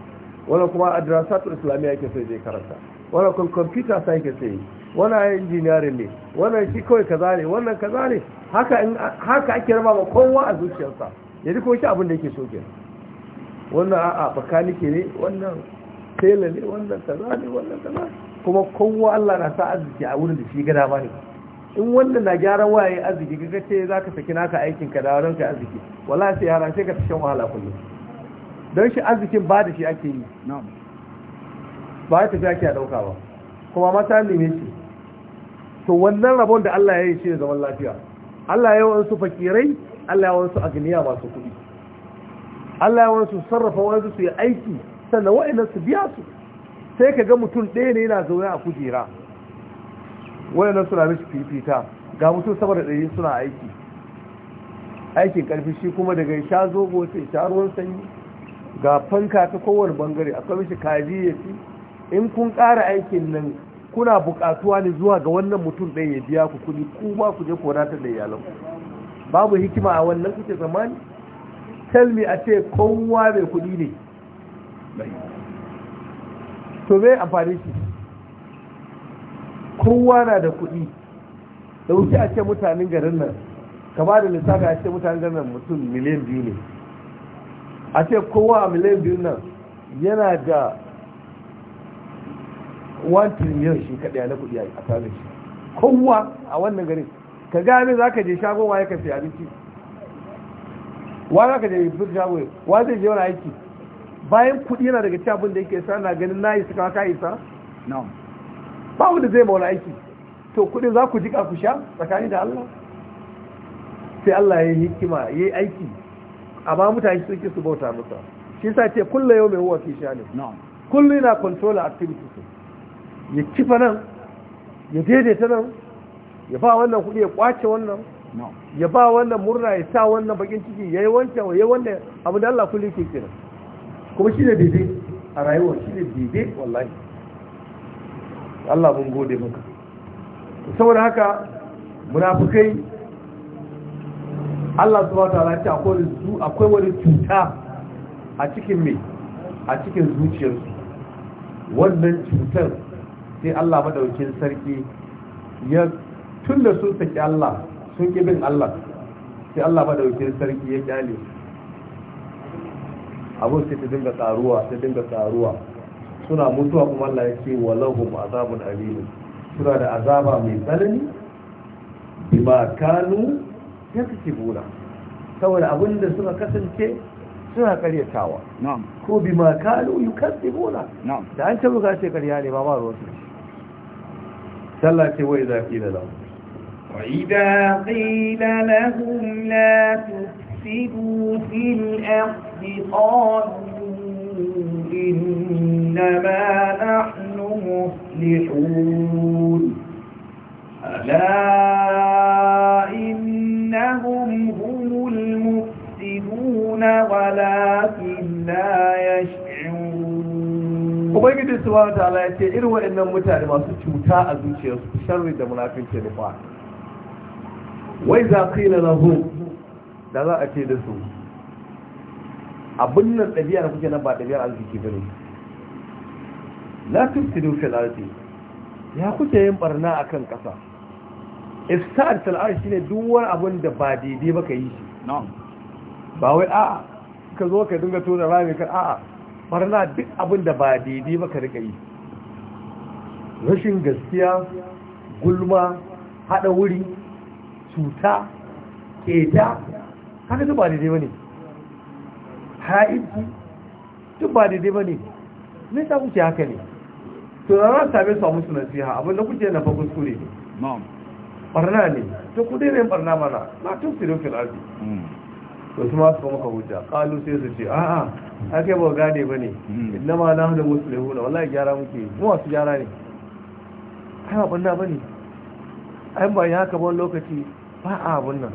wannan kuma adrasatul islamiya yake sai da karanta wannan kuma computer sai yake sai wannan engineering ne wannan shi kawai kaza ne wannan kaza ne haka in haka ake raba ma kowa a zuciyarsa yadda ko shi abin da yake so ke wannan a'a bakanike ne wannan tailor ne wannan kaza ne wannan kaza ne kuma kowa Allah na sa arziki a wurin da shi ga dama ne in wanda na gyaran waye arziki kace ce ka saki naka aikin ka da ka arziki wallahi sai yara sai ka shan wahala kullum don shi arzikin ba da shi ake yi ba ta tafiya ke dauka ba kuma mata ne shi to wannan rabon da Allah ya yi shi da zaman lafiya Allah ya yi wasu fakirai Allah ya yi wasu agniya masu kuɗi Allah ya yi wasu sarrafa wasu su yi aiki sannan wa'annan su biya su sai ka ga mutum ɗaya ne yana zaune a kujera wadannan suna mishi fifita ga mutum sama da ɗari suna aiki aikin ƙarfi shi kuma daga sha zogo sai sha ruwan sanyi ga fanka ta kowane bangare a kwamishi kaji ya fi in kun ƙara aikin nan kuna buƙatuwa ne zuwa ga wannan mutum ɗaya ya biya ku kuɗi kuma ku je ku wadatar da iyalanku babu hikima a wannan kuke zamani tell me a ce kowa mai kuɗi ne to me amfani shi kowa na da kuɗi da wuce a ce mutanen garin nan kama da lissafi a ce mutanen garin nan mutum miliyan biyu ne a ce kowa a miliyan biyu nan yana da 1 trillion shi kaɗaya na kuɗi a tsarin shi kowa a wannan garin ka gane za ka je shagon ya ka sai abinci wa za ka je shagon wa zai je wani aiki bayan kuɗi yana daga cikin abin da yake sa na ganin na isa kaka isa ba wanda zai maula aiki to kuɗin za ku jika ku sha tsakani da Allah sai Allah ya yi hikima ya yi aiki A ba mutane su ke su bauta musa shi sa ce kulla yau mai huwa fi shani kullu yana activity su ya kifa nan ya daidaita nan ya ba wannan kuɗi ya kwace wannan ya ba wannan murna ya sa wannan bakin ciki ya yi wancan ya yi wannan abu da Allah kullu ke kenan kuma shi ne daidai a rayuwa shi ne daidai wallahi Allah mun gode maka saboda haka munafukai Allah subhanahu wataala ce akwai akwai wani cuta a cikin me a cikin zuciyarsu wannan cutar sai Allah madaukin sarki ya tunda sun saki Allah sun ki bin Allah sai Allah madaukin sarki ya kyale su abin sai ta dinga tsaruwa ta dinga karuwa suna mutuwa kuma Allah ya ce walahu azabun alim suna da azaba mai tsanani bima kanu yaktubuna saboda abin da suka kasance suna karyatawa ko bima kanu yukazzibuna da an ce buga ce karya ne ba ba ruwa sallah ce wai zafi da lahu idha qila lahum la tuf فسدوا في الأرض قالوا إنما نحن مفلحون ألا إنهم هم المفسدون ولكن لا يشعرون وبيجد السؤال تعالى إروا إن المتعلم ما سجوتا أزوشي شرد منافين تنفع وإذا قيل لهم da za a ce da su abin nan ɗabi'a da kuke nan ba ɗabi'ar arziki ba ne la tufsidu fil ya kuke yin barna a kan ƙasa istad fil ardi shine duk wani abin da ba daidai ba ka yi shi ba wai a'a ka zo ka dinga tona rami kan a'a barna duk abin da ba daidai ba ka rika yi rashin gaskiya gulma haɗa wuri cuta keta haka duk ba daidai ba ne ha'inci duk ba daidai ba ne me sa kuke haka ne to na ran same su a musu nasiha abin abinda kuke yana fakon su ne barna ne to ku daina yin barna mana na tun su rufin arzi mm. to su ma su kuma ka hujja kalu sai su ce a'a ake ba gane ba ne mm. inda ma na hada musu da hula wallahi gyara muke mu wasu gyara ne ai ba barna ba ne ai ba ya haka ban lokaci ba a abun nan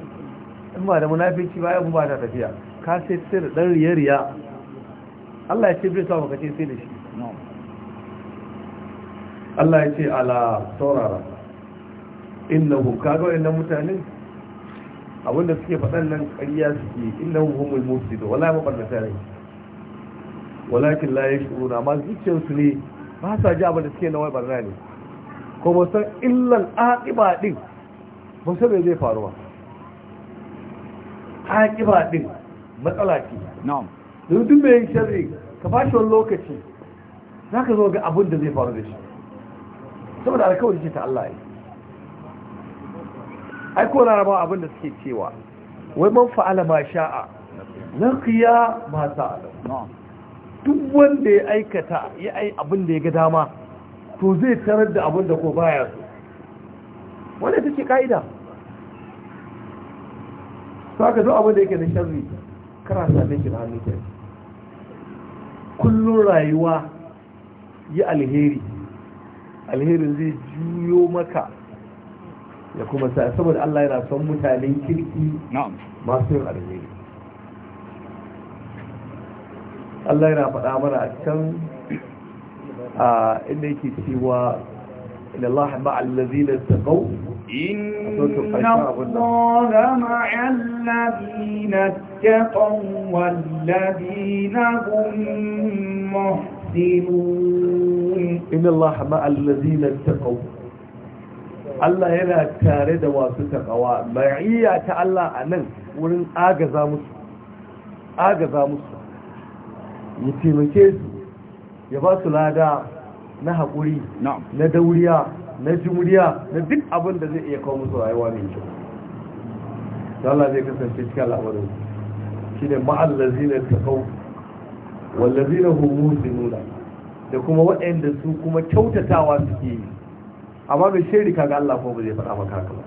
in ba da munafici ba ya ba ta tafiya ka sai sai da ɗan riya-riya Allah ya ce bai samu ce sai da shi Allah ya ce ala saurara innahu ga wannan mutanen abinda suke faɗan nan ƙarya suke innahu humul mufsidu wala ma barna tare walakin la yashuruna amma su ne ba sa ji abin da suke na wai barna ne ko ba san illan aqiba din ba sai zai faru ba akiba din matsala ce na'am duk duk yin sharri ka ba wani lokaci za ka zo ga abin da zai faru da shi saboda alkawari ce ta Allah ya ai ko laraba abin da suke cewa wai man fa'ala ma sha'a laqiya ma sa'a duk wanda ya aikata ya ai abin da ya ga dama to zai tarar da abin da ko baya so wanda take ka'ida to haka zo abin da yake da sharri kana same shi da hannu ke Kullum rayuwa yi alheri Alheri zai juyo maka ya kuma sa saboda Allah yana son mutanen kirki masu yin alheri Allah yana faɗa mana a can inda yake cewa إن الله مع الذين إن الله مع الذين اتقوا والذين هم محسنون إن الله مع الذين اتقوا Allah yana tare da wasu takawa ma'iyya ta Allah a nan wurin agaza musu agaza musu ya taimake su ya ba su lada na haƙuri na dauriya na juriya na duk abin da zai iya kawo musu rayuwa mai kyau Allah zai kasance cikin al'amarin shi ne ma'allazina ta kau wallazina humu nuna da kuma waɗanda su kuma kyautatawa suke yi amma mai shirika ga Allah ko ba zai faɗa maka haka ba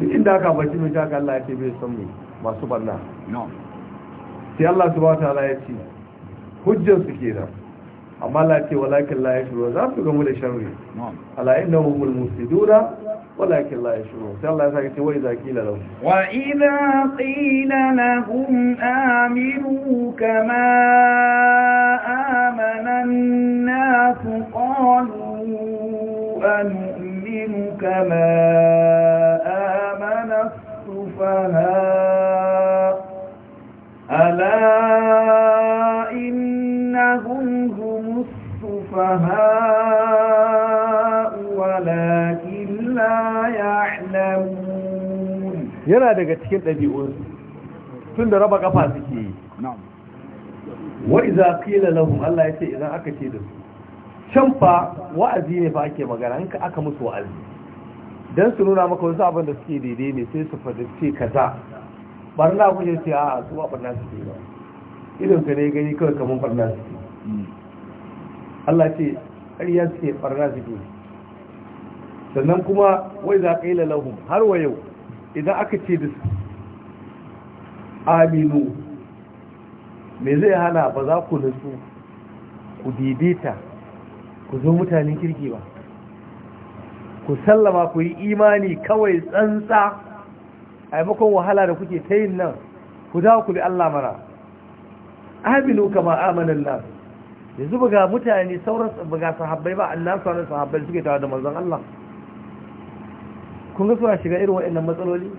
duk inda aka baci mai shaka Allah ya ce bai san mai masu banna sai Allah subhanahu wa ta'ala ya ce hujjar su kenan amma Allah ce walakin la yashru za su gamu da sharri ala innahum almusiduna walakin la yashru sai Allah ya saka ce wai zakila lahu wa idha qila lahum aminu kama amana an-nas qalu anu'minu kama amana as-sufaha ala السفهاء ولكن لا يعلمون يلا daga cikin dabi'un tunda raba kafa suke yi na'am wa idza qila lahum Allah yace idan aka ce da su can fa wa'azi ne fa ake magana in ka aka musu wa'azi dan su nuna maka wasu abin da suke daidai ne sai su fada ce kaza barna kuke ce a su ba barna ke ba idan ka ne gani kawai kaman barna ke. Allah ce ƙarya suke ɓarna suke sannan kuma wai za ka yi har wa yau idan aka ce da su aminu me zai hana ba za ku nutsu ku ta ku zo mutanen kirki ba ku sallama ku yi imani kawai tsantsa a yamakon wahala da kuke ta yin nan ku za ku bi Allah mana aminu kama amanin nasu yanzu buga mutane sauran buga sahabbai ba annan sauran sahabbai suke tawa da manzon Allah kun ga suna shiga irin waɗannan matsaloli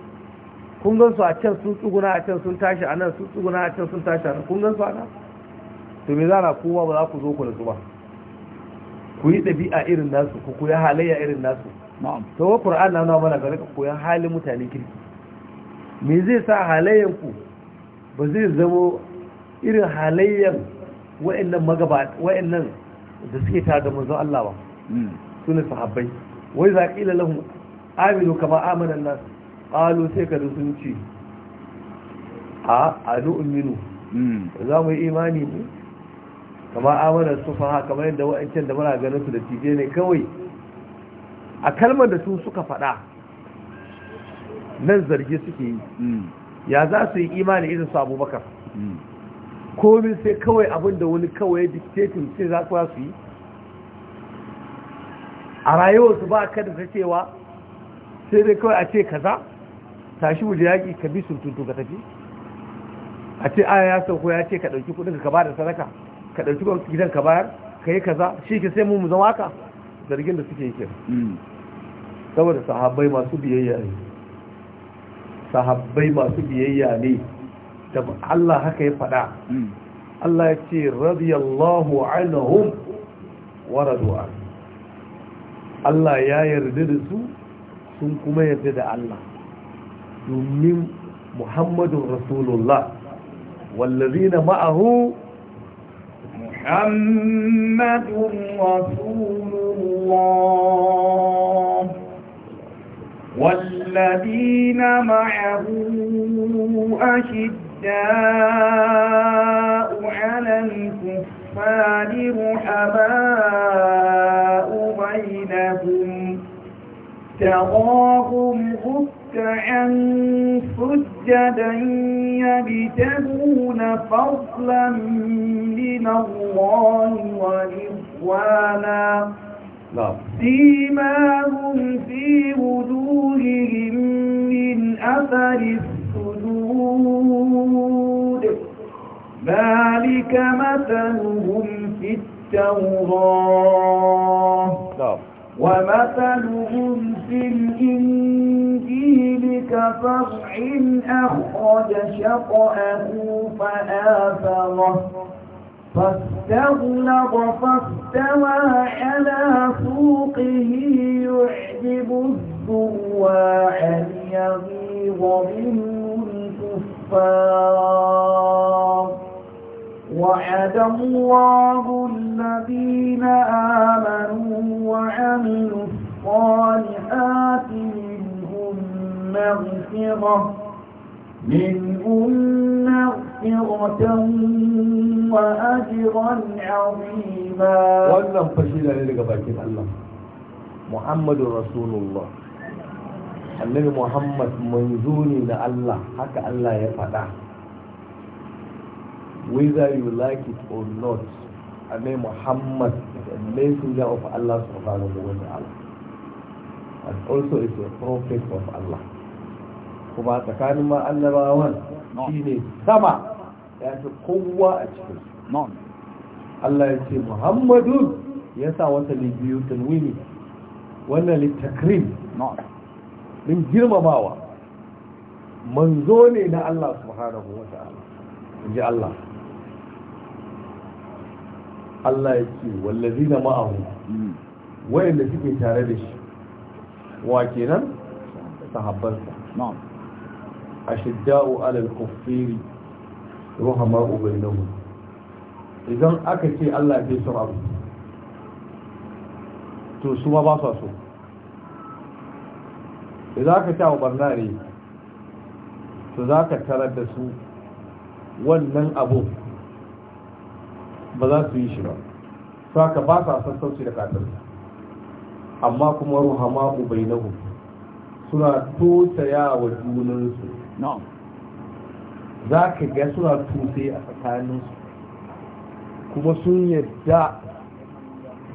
kun gan su a can sun tsuguna a can sun tashi a nan sun tsuguna a can sun tashi a nan kun gan su a nan to me zana kowa ba za ku zo ku da su ba ku yi ɗabi'a irin nasu ku koya halayya irin nasu to wa qur'an na nuna mana ga rika koyan halin mutane kirki me zai sa halayyan ku ba zai zamo irin halayyan wa'annan magaba wa'annan da suke tare da manzon Allah ba hmm. sunan sahabbai wai za qila lahum aminu kama amana nas qalu sai ka sun ce a anu'minu hmm. za mu yi imani ne kama amana sufaha kamar yadda wa'ancan da muna ganin su da tije ne kawai a kalmar da su suka faɗa nan zargi suke yi hmm. ya za su yi imani irin su abubakar komi sai kawai abin da wani kawai dictating sai za su su yi a rayuwarsu ba ka da cewa sai dai kawai a ce kaza tashi wuje yaƙi ka bi surtutu ka tafi a ce aya ya sauko ya ce ka ɗauki kuɗin ka ba da sadaka ka ɗauki gidan ka bayar ka yi kaza shi ke sai mun mu zama ka zargin da suke yake hmm. saboda sahabbai masu biyayya ne sahabbai masu biyayya ne da Allah haka ya faɗa Allah ya ce radiyallahu anhum wa radu'a Allah ya yarda da su sun kuma yarda da Allah domin Muhammadun Rasulullah wallazina ma'ahu Muhammadun Rasulullah والذين معه أشد الشداء على الكفار رحماء بينهم تراهم ركعا سجدا يبتغون فضلا من الله ورضوانا سيماهم نعم. في وجوههم من أثر السجود ذلك مثلهم في التوراة نعم. ومثلهم في الإنجيل كفرع أخرج شطأه فآثره فاستغلظ فاستغلظ استوى على سوقه يعجب الزواع ليغيظ منه الكفار وعد الله الذين آمنوا وعملوا الصالحات منهم مغفرة منهم مغفرة وأجرا عظيما wannan ne daga bakin Allah Muhammadu Annabi Muhammad manzo ne na Allah haka Allah ya faɗa whether you like it or not Annabi Muhammad is a messenger of Allah subhanahu wa ta'ala and also is a prophet of Allah kuma tsakanin ma annabawan shine sama ya fi kowa a cikin Allah ya ce Muhammadu ya sa wata biyu tanwini wannan littakrim din girmamawa manzo ne na Allah subhanahu wa ta'ala inji Allah Allah ya ce wallazina ma'ahu hmm. wayanda suke tare da shi wa kenan sahabbansa na'am ashidda'u alal kuffiri ruhama'u bainahum idan aka ce Allah bai son abu to su ba su so idan aka ce abu to za ka tarar da su wannan abu ba za su yi shi ba saka ba sa sassauci da katarsa amma kuma ruhama'u bainahum suna tosa yawa junansu za ka ga suna tuse a tsakaninsu kuma sun yadda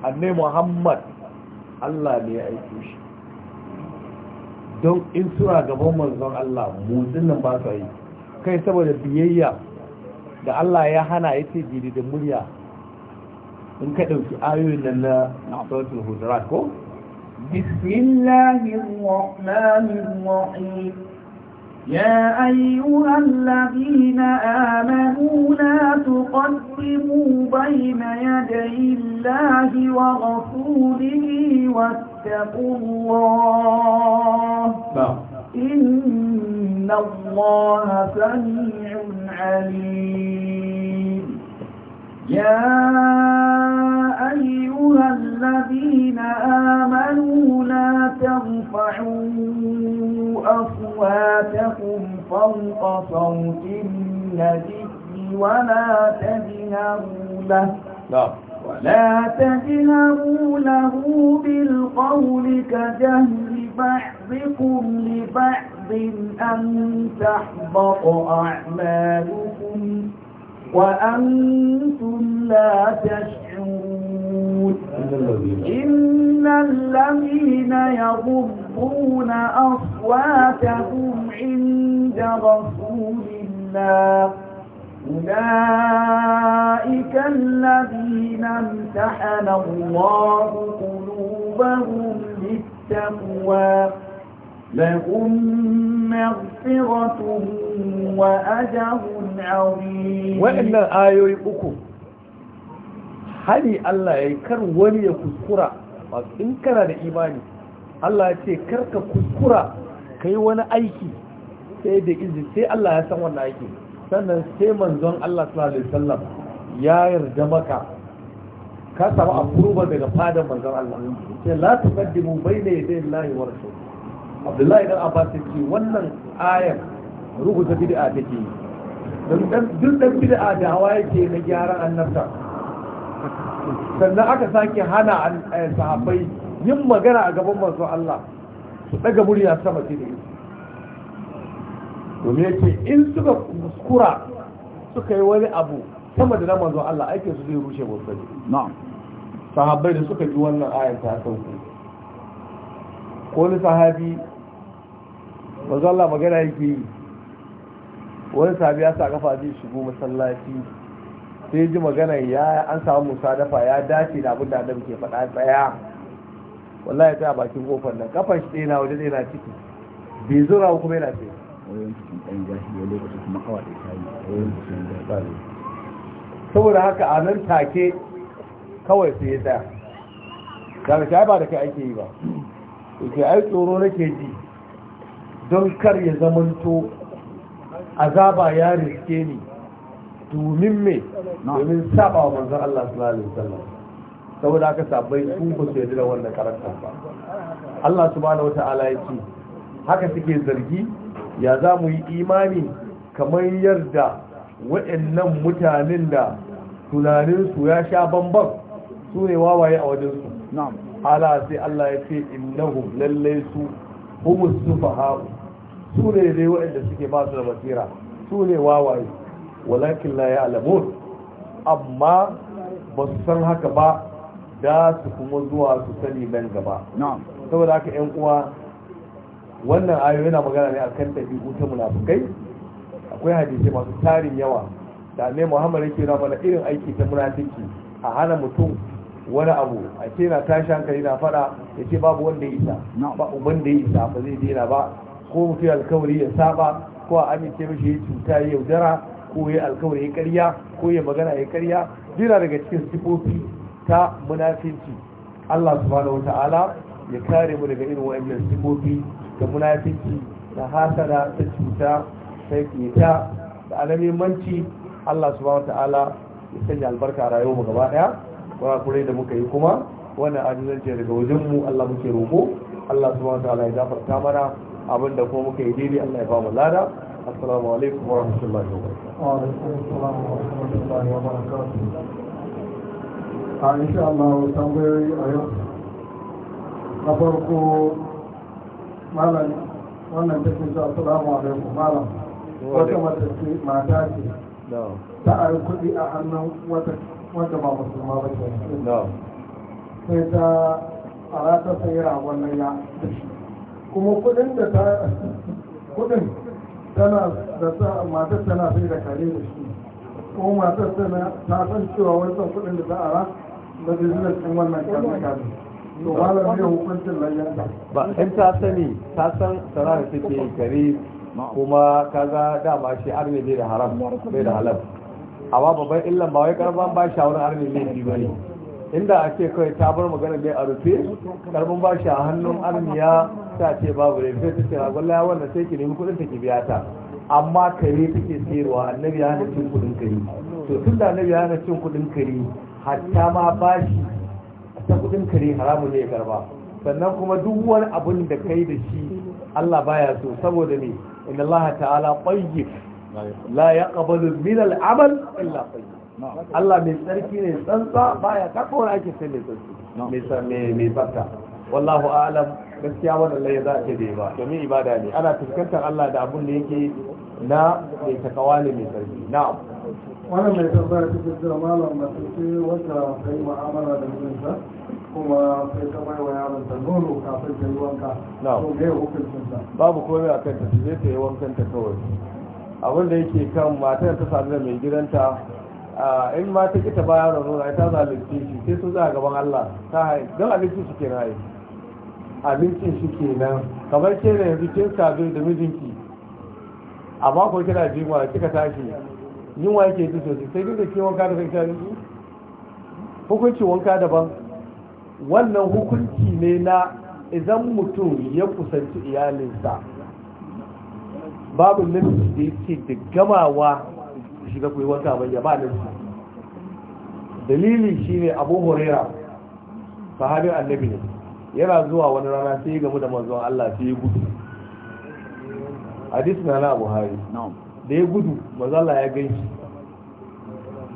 annai muhammad allah ne ya aiko shi don in suna gaban manzon allah motsin nan ba su yi kai saboda biyayya da allah ya hana ya ce jiri da murya in ka ɗauki ayoyin nan na sautin hudurat ko bismillahirrahmanirrahim يا أيها الذين آمنوا لا تقدموا بين يدي الله ورسوله واتقوا الله نعم. إن الله سميع عليم يا أيها الذين آمنوا لا ترفعوا أصواتكم فوق صوت النبي ولا تجهروا له نعم. ولا تجهروا له بالقول كجهر بعضكم لبعض أن تحبط أعمالكم وأنتم لا تشعرون يقولون إن الذين يغضون أصواتهم عند رسول الله أولئك الذين امتحن الله قلوبهم للتقوى لهم مغفرة وأجر عظيم وإن آيوكم hari Allah ya yi kar wani ya kuskura in kana da imani Allah ya ce kar ka kuskura ka yi wani aiki sai da izini sai Allah ya san wannan aiki sannan sai manzon Allah sallallahu alaihi wasallam ya yarda maka ka samu approval daga fadar manzon Allah sai la tuqaddimu bayna yaday Allah wa rasul Abdullahi dan Abbas ce wannan ayar ruhu ta bid'a take dan dan bid'a da hawa yake na gyaran annabta sannan aka sake hana eh, sahabbai yin magana a gaban masu Allah su daga murya sama ce da domin yake in suka kura suka yi wani abu sama da na manzon Allah aiki su zai rushe wasu na sahabbai da suka ji wannan ayar ta sauku ko ni sahabi zuwa Allah magana yake yi wani sahabi ya sa kafa zai shigo masallaci sai ji magana ya an samu musa dafa ya dace da abin da adam ke faɗa tsaya wallahi ta bakin kofar nan kafan shi ɗaya na waje ɗaya na ciki bai zura kuma yana ce saboda haka a nan take kawai sai ya tsaya daga shi ba da kai ake yi ba ke ai tsoro nake ji don kar ya zamanto azaba ya riske ni domin mai domin saba wa manzan Allah su sallar saboda aka sabai sun ba su yarda wannan ba Allah su wataala wata ce haka suke zargi ya za mu yi imani kamar yarda waɗannan mutanen da tunaninsu ya sha bambam su ne wawaye a wajensu ala sai Allah ya ce innahu lallai su humus fahamu su ne dai waɗanda suke ba su da basira su ne wawaye walakin la ya'lamun amma ba su san haka ba da su kuma zuwa su sani nan gaba saboda haka yan uwa wannan ayo yana magana ne akan ɗabi'u ta munafukai akwai hadisi masu tarin yawa da ne muhammad yake na mana irin aiki ta munafiki a hana mutum wani abu a ce na tashi hankali na fada ya ce babu wanda ya isa ba uban da ya isa ba zai daina ba ko mutum alkawari ya saba ko a amince mishi ya cuta ya yaudara ko ya alkawari ya karya ko ya magana ya karya jira daga cikin sifofi ta munafinci Allah subhanahu wata'ala ya kare mu daga irin wa'annan sifofi da munafinci da hasada ta cuta ta keta da manci Allah subhanahu wata'ala ya sanya albarka a rayuwar mu gaba daya kure da muka yi kuma wannan ajizance daga wajen mu Allah muke roko Allah subhanahu wata'ala ya gafarta mana abinda kuma muka yi daidai Allah ya ba mu lada السلام عليكم ورحمة الله وبركاته وعليكم السلام ورحمة الله وبركاته aisha allahu tambayoyi a yau na farko malam wannan take su assalamu alaikum malam wata mata ce mata ce ta ayi a hannun wata ba musulma ba ke sai ta alata sayi ragon na ya kuma kuɗin da ta kuɗin tana da sa matar tana sai da kare da shi ko matar tana ta san cewa wani son kuɗin da za a ra da business ɗin wannan kare kare to malam zai hukuncin ba in ta sani ta san sana'a da take kare kuma za dama shi arne bai da haram bai da halal amma babban illan ba wai karban ba shawarar arne laifi da ne inda a ce kawai ta bar magana mai a rufe karban ba shi a hannun arniya ta ce babu ne sai ta ce a gwalla wannan sai ki nemi kudin ta ki biya ta amma kare take sayarwa annabi ya hana cin kudin kare to tun da annabi ya hana cin kudin kare hatta ma bashi ta kudin kare haramun ne ya karba sannan kuma duk wani abun da kai da shi Allah baya so saboda ne inna Allah ta'ala qayyib la yaqbalu min al-amal illa qayyib Allah mai tsarki ne tsantsa baya karɓa wani ake sai mai tsarki mai mai fata wallahu a'lam gaskiya wannan laye za a ce bai ba domin ibada ne ana fuskantar Allah da abun da yake na mai takawa ne mai sarki na'am wannan mai tambaya ta jira malam na ce wata kai ma'amala da mijinta kuma sai ta bai wa yaron ta nono kafin ta yi wanka to me hukuncin ta babu komai a kanta ta je ta yi wankan ta kawai abin da yake kan matar ta sadu da mai gidanta in ma ta kita bayar da nuna ta zalunci shi sai su za gaban Allah ta haini don abinci su ke na haini abincin shi ke nan kamar ke da yanzu kin sabe da mijinki amma ko kina jima kika tashi yin wa yake ji sosai sai duk da ke wanka da kanka da su hukunci wanka daban wannan hukunci ne na idan mutum ya kusanci iyalinsa babu nufi da yake da gamawa shiga kuwa wanka ya ba nufi dalili shine abu huraira sahabin annabi ne yana zuwa wani rana sai yi gamu da manzon Allah sai ya gudu hadis na na buhari da ya gudu manzon Allah ya gan shi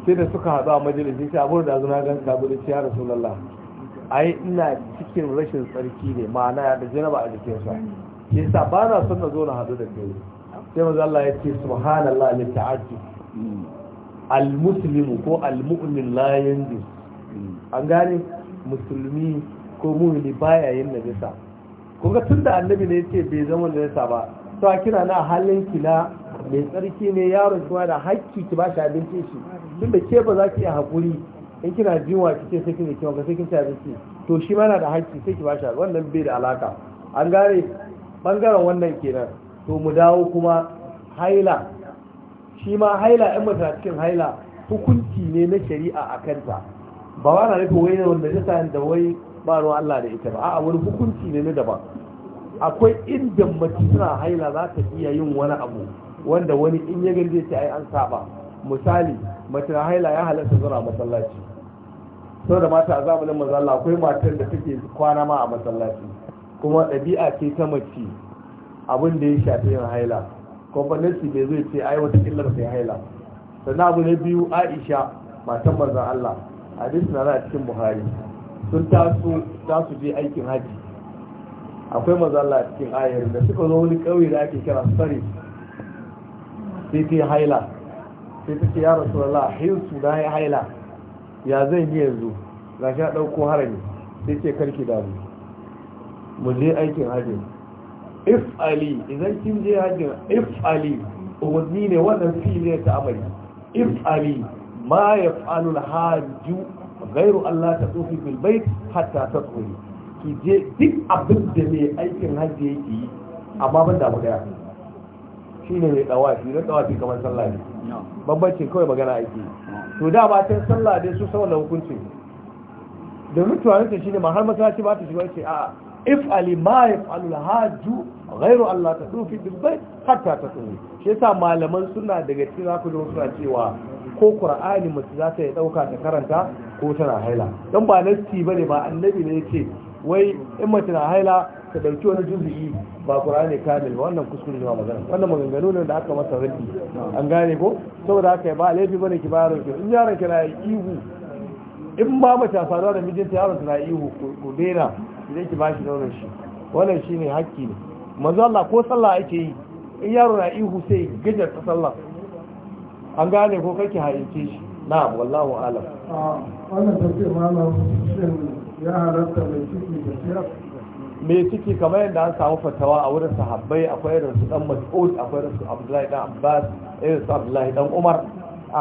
sai da suka haɗu a majalisi sai abu da zuna gan sabu da ciya rasulullah ai ina cikin rashin tsarki ne ma'ana ya da janaba a jikin jikinsa yasa ba na son na zo na haɗu da kai sai manzon Allah ya ce subhanallah li ta'ajjub al-muslimu ko al-mu'min la yanzu. Mm. an gane musulmi ko mumini baya yin najasa kun tun tunda annabi ne ce bai zama najasa ba to a kina na halin kila mai tsarki ne yaron kuma da hakki ki shi abinci shi da ke ba za ki iya hakuri in kina jiwa kike sai kike kiwa sai kin ci abinci to shi ma na da hakki sai ki bashi wannan bai da alaka an gane bangaren wannan kenan to mu dawo kuma haila shi ma haila 'yan mata cikin haila hukunci ne na shari'a a kanta ba wa na nufin wai wanda zai sa da wai ba Allah da ita ba a wani hukunci ne na daban akwai inda mace suna haila za ta iya yin wani abu wanda wani in ya gani ta ai an saba misali mace na haila ya halatta zura masallaci sau da mata a zamanin mazalla akwai matar da take kwana ma a masallaci kuma ɗabi'a ce ta mace abin da ya shafi yin haila kwamfaninsu bai zai ce ai wata illar sai haila sannan abu na biyu aisha matan manzan allah hadisi na cikin buhari sun taso za su je aikin haji akwai mazalla cikin ayar da suka zo wani ƙauye da ake kira sari sai ta haila sai ta ce ya rasu Allah hirsu na ya haila ya zai yi yanzu ga sha ɗauko harami sai ce karki damu mu je aikin haji. if ali idan kin je haji if ali umarni ne wannan fi ne ta amari if ali ma ya fa'alul hajju gairu Allah ta tsofi bilbait hatta ta tsori ki je duk abin da mai aikin hajji yake yi amma ban damu daya shi ne mai ɗawafi, don ɗawafi kamar sallah ne bambanci kawai magana ake to da ba ta sallah dai su saboda hukunci domin tuwarinta shi ne ma har masalaci ba ta shiga ce a if ali ma ya falul hajju gairu Allah ta tsofi bilbait hatta ta tsori shi yasa malaman suna daga cikin zaku don suna cewa ko ƙura'ani mace za ta ɗauka ta karanta ko tana haila Don ba nasti ne ba annabi ne ce wai in mace na haila ta ɗauki wani juzu'i ba ƙura'ani kamil wannan kuskure ne ba magana wannan maganganu ne da aka masa rabbi an gane ko saboda haka ba laifi ne ki bayar ki in yaron ki na ihu in ba mace saduwa da mijinta yaron na ihu ku daina idan ki bashi nonon shi wannan ne hakki ne manzo Allah ko sallah ake yi in yaro na ihu sai gajar ta sallah an gane ko kake harice shi na wallahu alam wannan tafiya malam shin ya halatta mai ciki da mai ciki kamar yadda an samu fatawa a wurin sahabbai akwai irin su dan mas'ud akwai irin su abdullahi dan abbas irin su abdullahi dan umar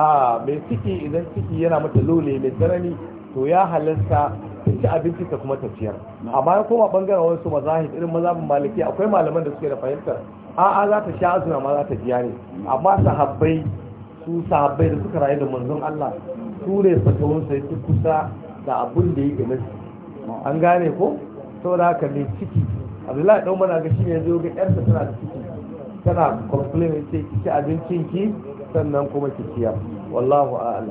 a mai ciki idan ciki yana mata lole mai tsanani to ya halasta ta ci abinci ta kuma ta ciyar amma ya koma bangaren wasu mazahib irin mazabin maliki akwai malaman da suke da fahimtar a'a za ta sha azuna ma za ta biya ne amma sahabbai su sahabbai da suka rayu da manzon Allah su ne fatawunsa ya fi kusa da abin da ya game su an gane ko saboda haka ne ciki abdullahi ɗan mana ga shi ne zo ga ƴarsa tana da ciki tana complain ya ce ki abincin ki sannan kuma ki ciya wallahu a'ala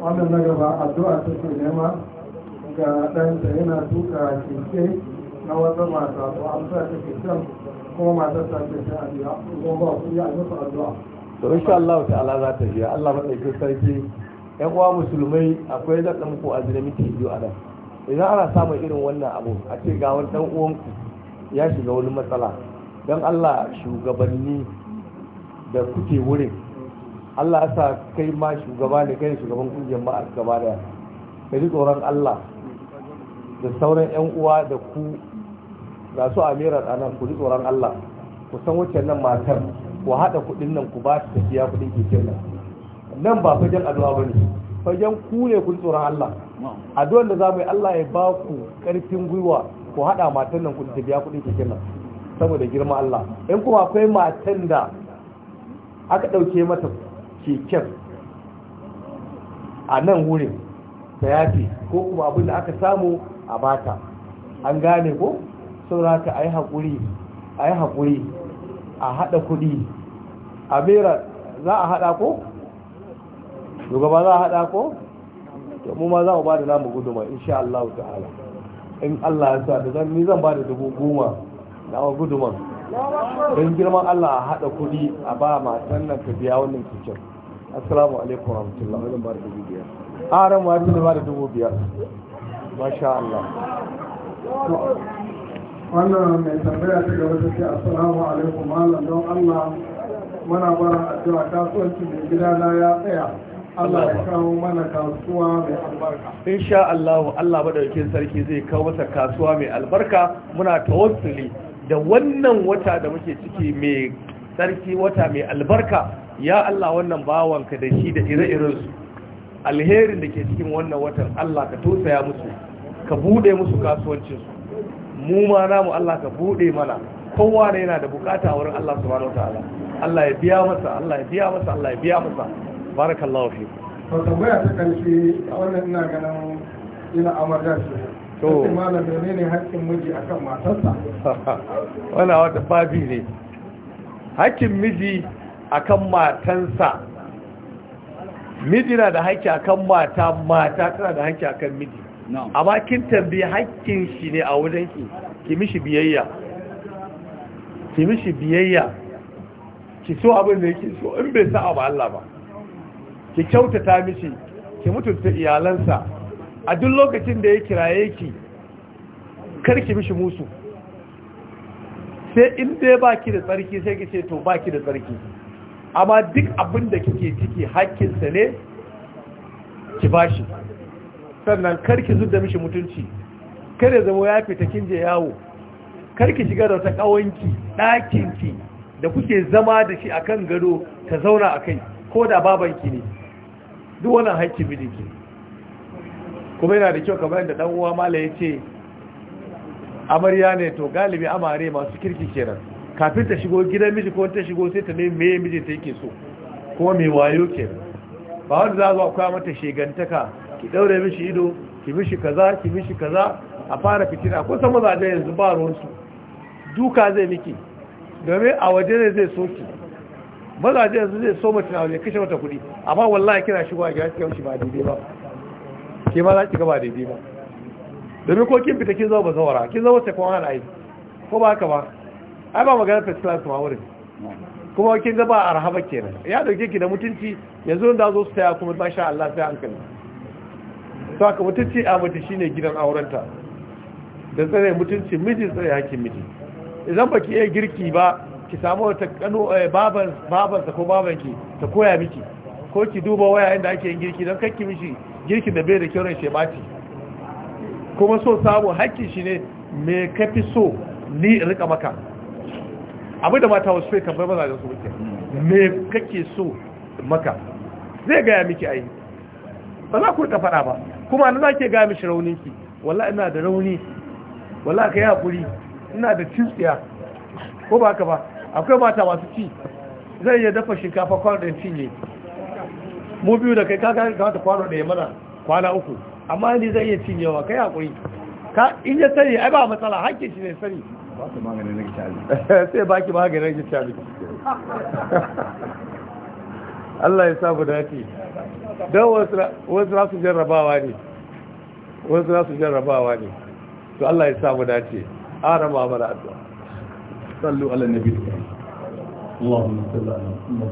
wannan na gaba addu'a ta ke nema ga ɗanta yana tuka keke na wata mata ko amsa ta ke can kuma matar ta ke ta biya kuma ba ku yi a addu'a to insha Allah ta'ala za ta biya Allah madaukakin sarki ƴan uwa musulmai akwai zan dan ku azumi miki biyu a nan idan ana samun irin wannan abu a ce ga wani dan uwanku ya shiga wani matsala don Allah shugabanni da kuke wurin Allah sa kai ma shugaba ne kai shugaban kungiyar ma gaba da ka ji tsoron Allah da sauran ƴan uwa da ku ga su amiran anan ku ji tsoron Allah ku san wacce nan matar ku haɗa kuɗin nan ku ba su tafiya kuɗin keken nan nan ba fajen addu'a ba ne fajen ku ne kun tsoron Allah addu'ar da za mu yi Allah ya ba ku ƙarfin gwiwa ku haɗa matan nan ku tafiya kuɗin keken nan saboda girma Allah in kuma akwai matan da aka ɗauke mata keken a nan wurin ta yafi ko kuma abin da aka samu a bata an gane ko sauraka a yi haƙuri a yi a haɗa kuɗi a bera za a haɗa ko? shugaba za a haɗa ko? to mu ma za mu ba da namu guduma insha Allah ta'ala in Allah ya sa da zan ni zan ba da dubu goma na wa guduma don girman Allah a haɗa kuɗi a ba matan nan ka biya wannan kicin assalamu alaikum warahmatullahi zan ba da dubu biyar a ran ma ba da dubu biyar masha Allah wannan mai tambaya ta gaba ta ce assalamu alaikum malam don allah muna barin addu'a kasuwanci mai gida na ya tsaya Allah ya kawo mana kasuwa mai albarka insha Allah Allah madaukakin sarki zai kawo masa kasuwa mai albarka muna tawassuli da wannan wata da muke ciki mai sarki wata mai albarka ya Allah wannan bawanka da shi da ire iren su. alherin da ke cikin wannan watan Allah ka ya musu ka bude musu kasuwancinsu mu ma namu Allah ka bude mana kowa ne yana da bukata a wurin Allah subhanahu wataala Allah ya biya masa Allah ya biya masa Allah ya biya masa barakallahu fi to tambaya ta kanki a wannan ina ganin ina amarya ce to malam menene haƙƙin miji akan matarsa wannan wata babi ne haƙƙin miji akan matansa miji na da haƙƙi akan mata mata tana da haƙƙi akan miji a bakin tambayi hakkin shi ne a wajen ki ki mishi biyayya ki biyayya ki so abin da yake so in bai sa'a ba Allah ba ki kyautata mishi ki mutunta iyalansa a duk lokacin da ya kiraye ki kar ki mishi musu sai in dai baki da tsarki sai ki ce to baki da tsarki amma duk abin da kike ciki hakkinsa ne ki bashi sannan karki da mishi mutunci kare zama ya fita kinje yawo karki shiga da wata kawanki ɗakinki da kuke zama da shi akan gado ta zauna a kai ko da babanki ne duk wannan haƙƙin mijinki kuma yana da kyau kamar yadda dan uwa mala ya ce amarya ne to galibi amare masu kirki kenan kafin ta shigo gidan miji ko ta shigo sai ta nemi meye ta yake so kuma mai wayo kenan ba wanda za a zo akwai mata shegantaka ki daure mishi ido ki mishi kaza ki mishi kaza a fara fitina ko san da yanzu ba ruwansu duka zai miki domin a waje ne zai so maza mazaje yanzu zai so mutum a waje kashe mata kuɗi amma wallahi kina shigo a gida kika shi ba daidai ba ke ma za ki ga ba daidai ba domin ko kin fita kin zama ba zawara kin zama ta kwan yi. ko ba haka ba ai ba magana first class ma wurin kuma kin ga ba arhaba kenan ya dauke ki da mutunci yanzu da zo su taya kuma masha Allah sai hankali to haka mutunci a mace shine gidan aurenta da tsare mutunci miji tsare hakkin miji idan baki iya girki ba ki samu wata kano eh, babansa ko babanki ta koya miki ko ki duba waya inda ake yin girki don kakki mishi girki da bai da kyau ran shebati kuma so samu hakki shi ne me kafi so ni rika maka abu da mata wasu sai kamar mazajen su muke me kake so maka zai gaya miki ayi ba za ku rika faɗa ba kuma na zake ga mishi rauninki wala ina da rauni wallahi kai hakuri ina da tsiya ko ba ka ba akwai mata masu ci zai iya dafa shinkafa kwano da cinye mu biyu da kai kaga ta kwano da ya mana kwana uku amma ni zai iya cinyewa kai hakuri ka in ya sani ai ba matsala hakki shi ne sani sai baki maganin na gicali Allah ya sabu dace don wasu nasu jarrabawa ne wasu nasu jarrabawa ne to Allah ya samu dace ara ma mara addu'a sallu ala nabi Allahumma salli ala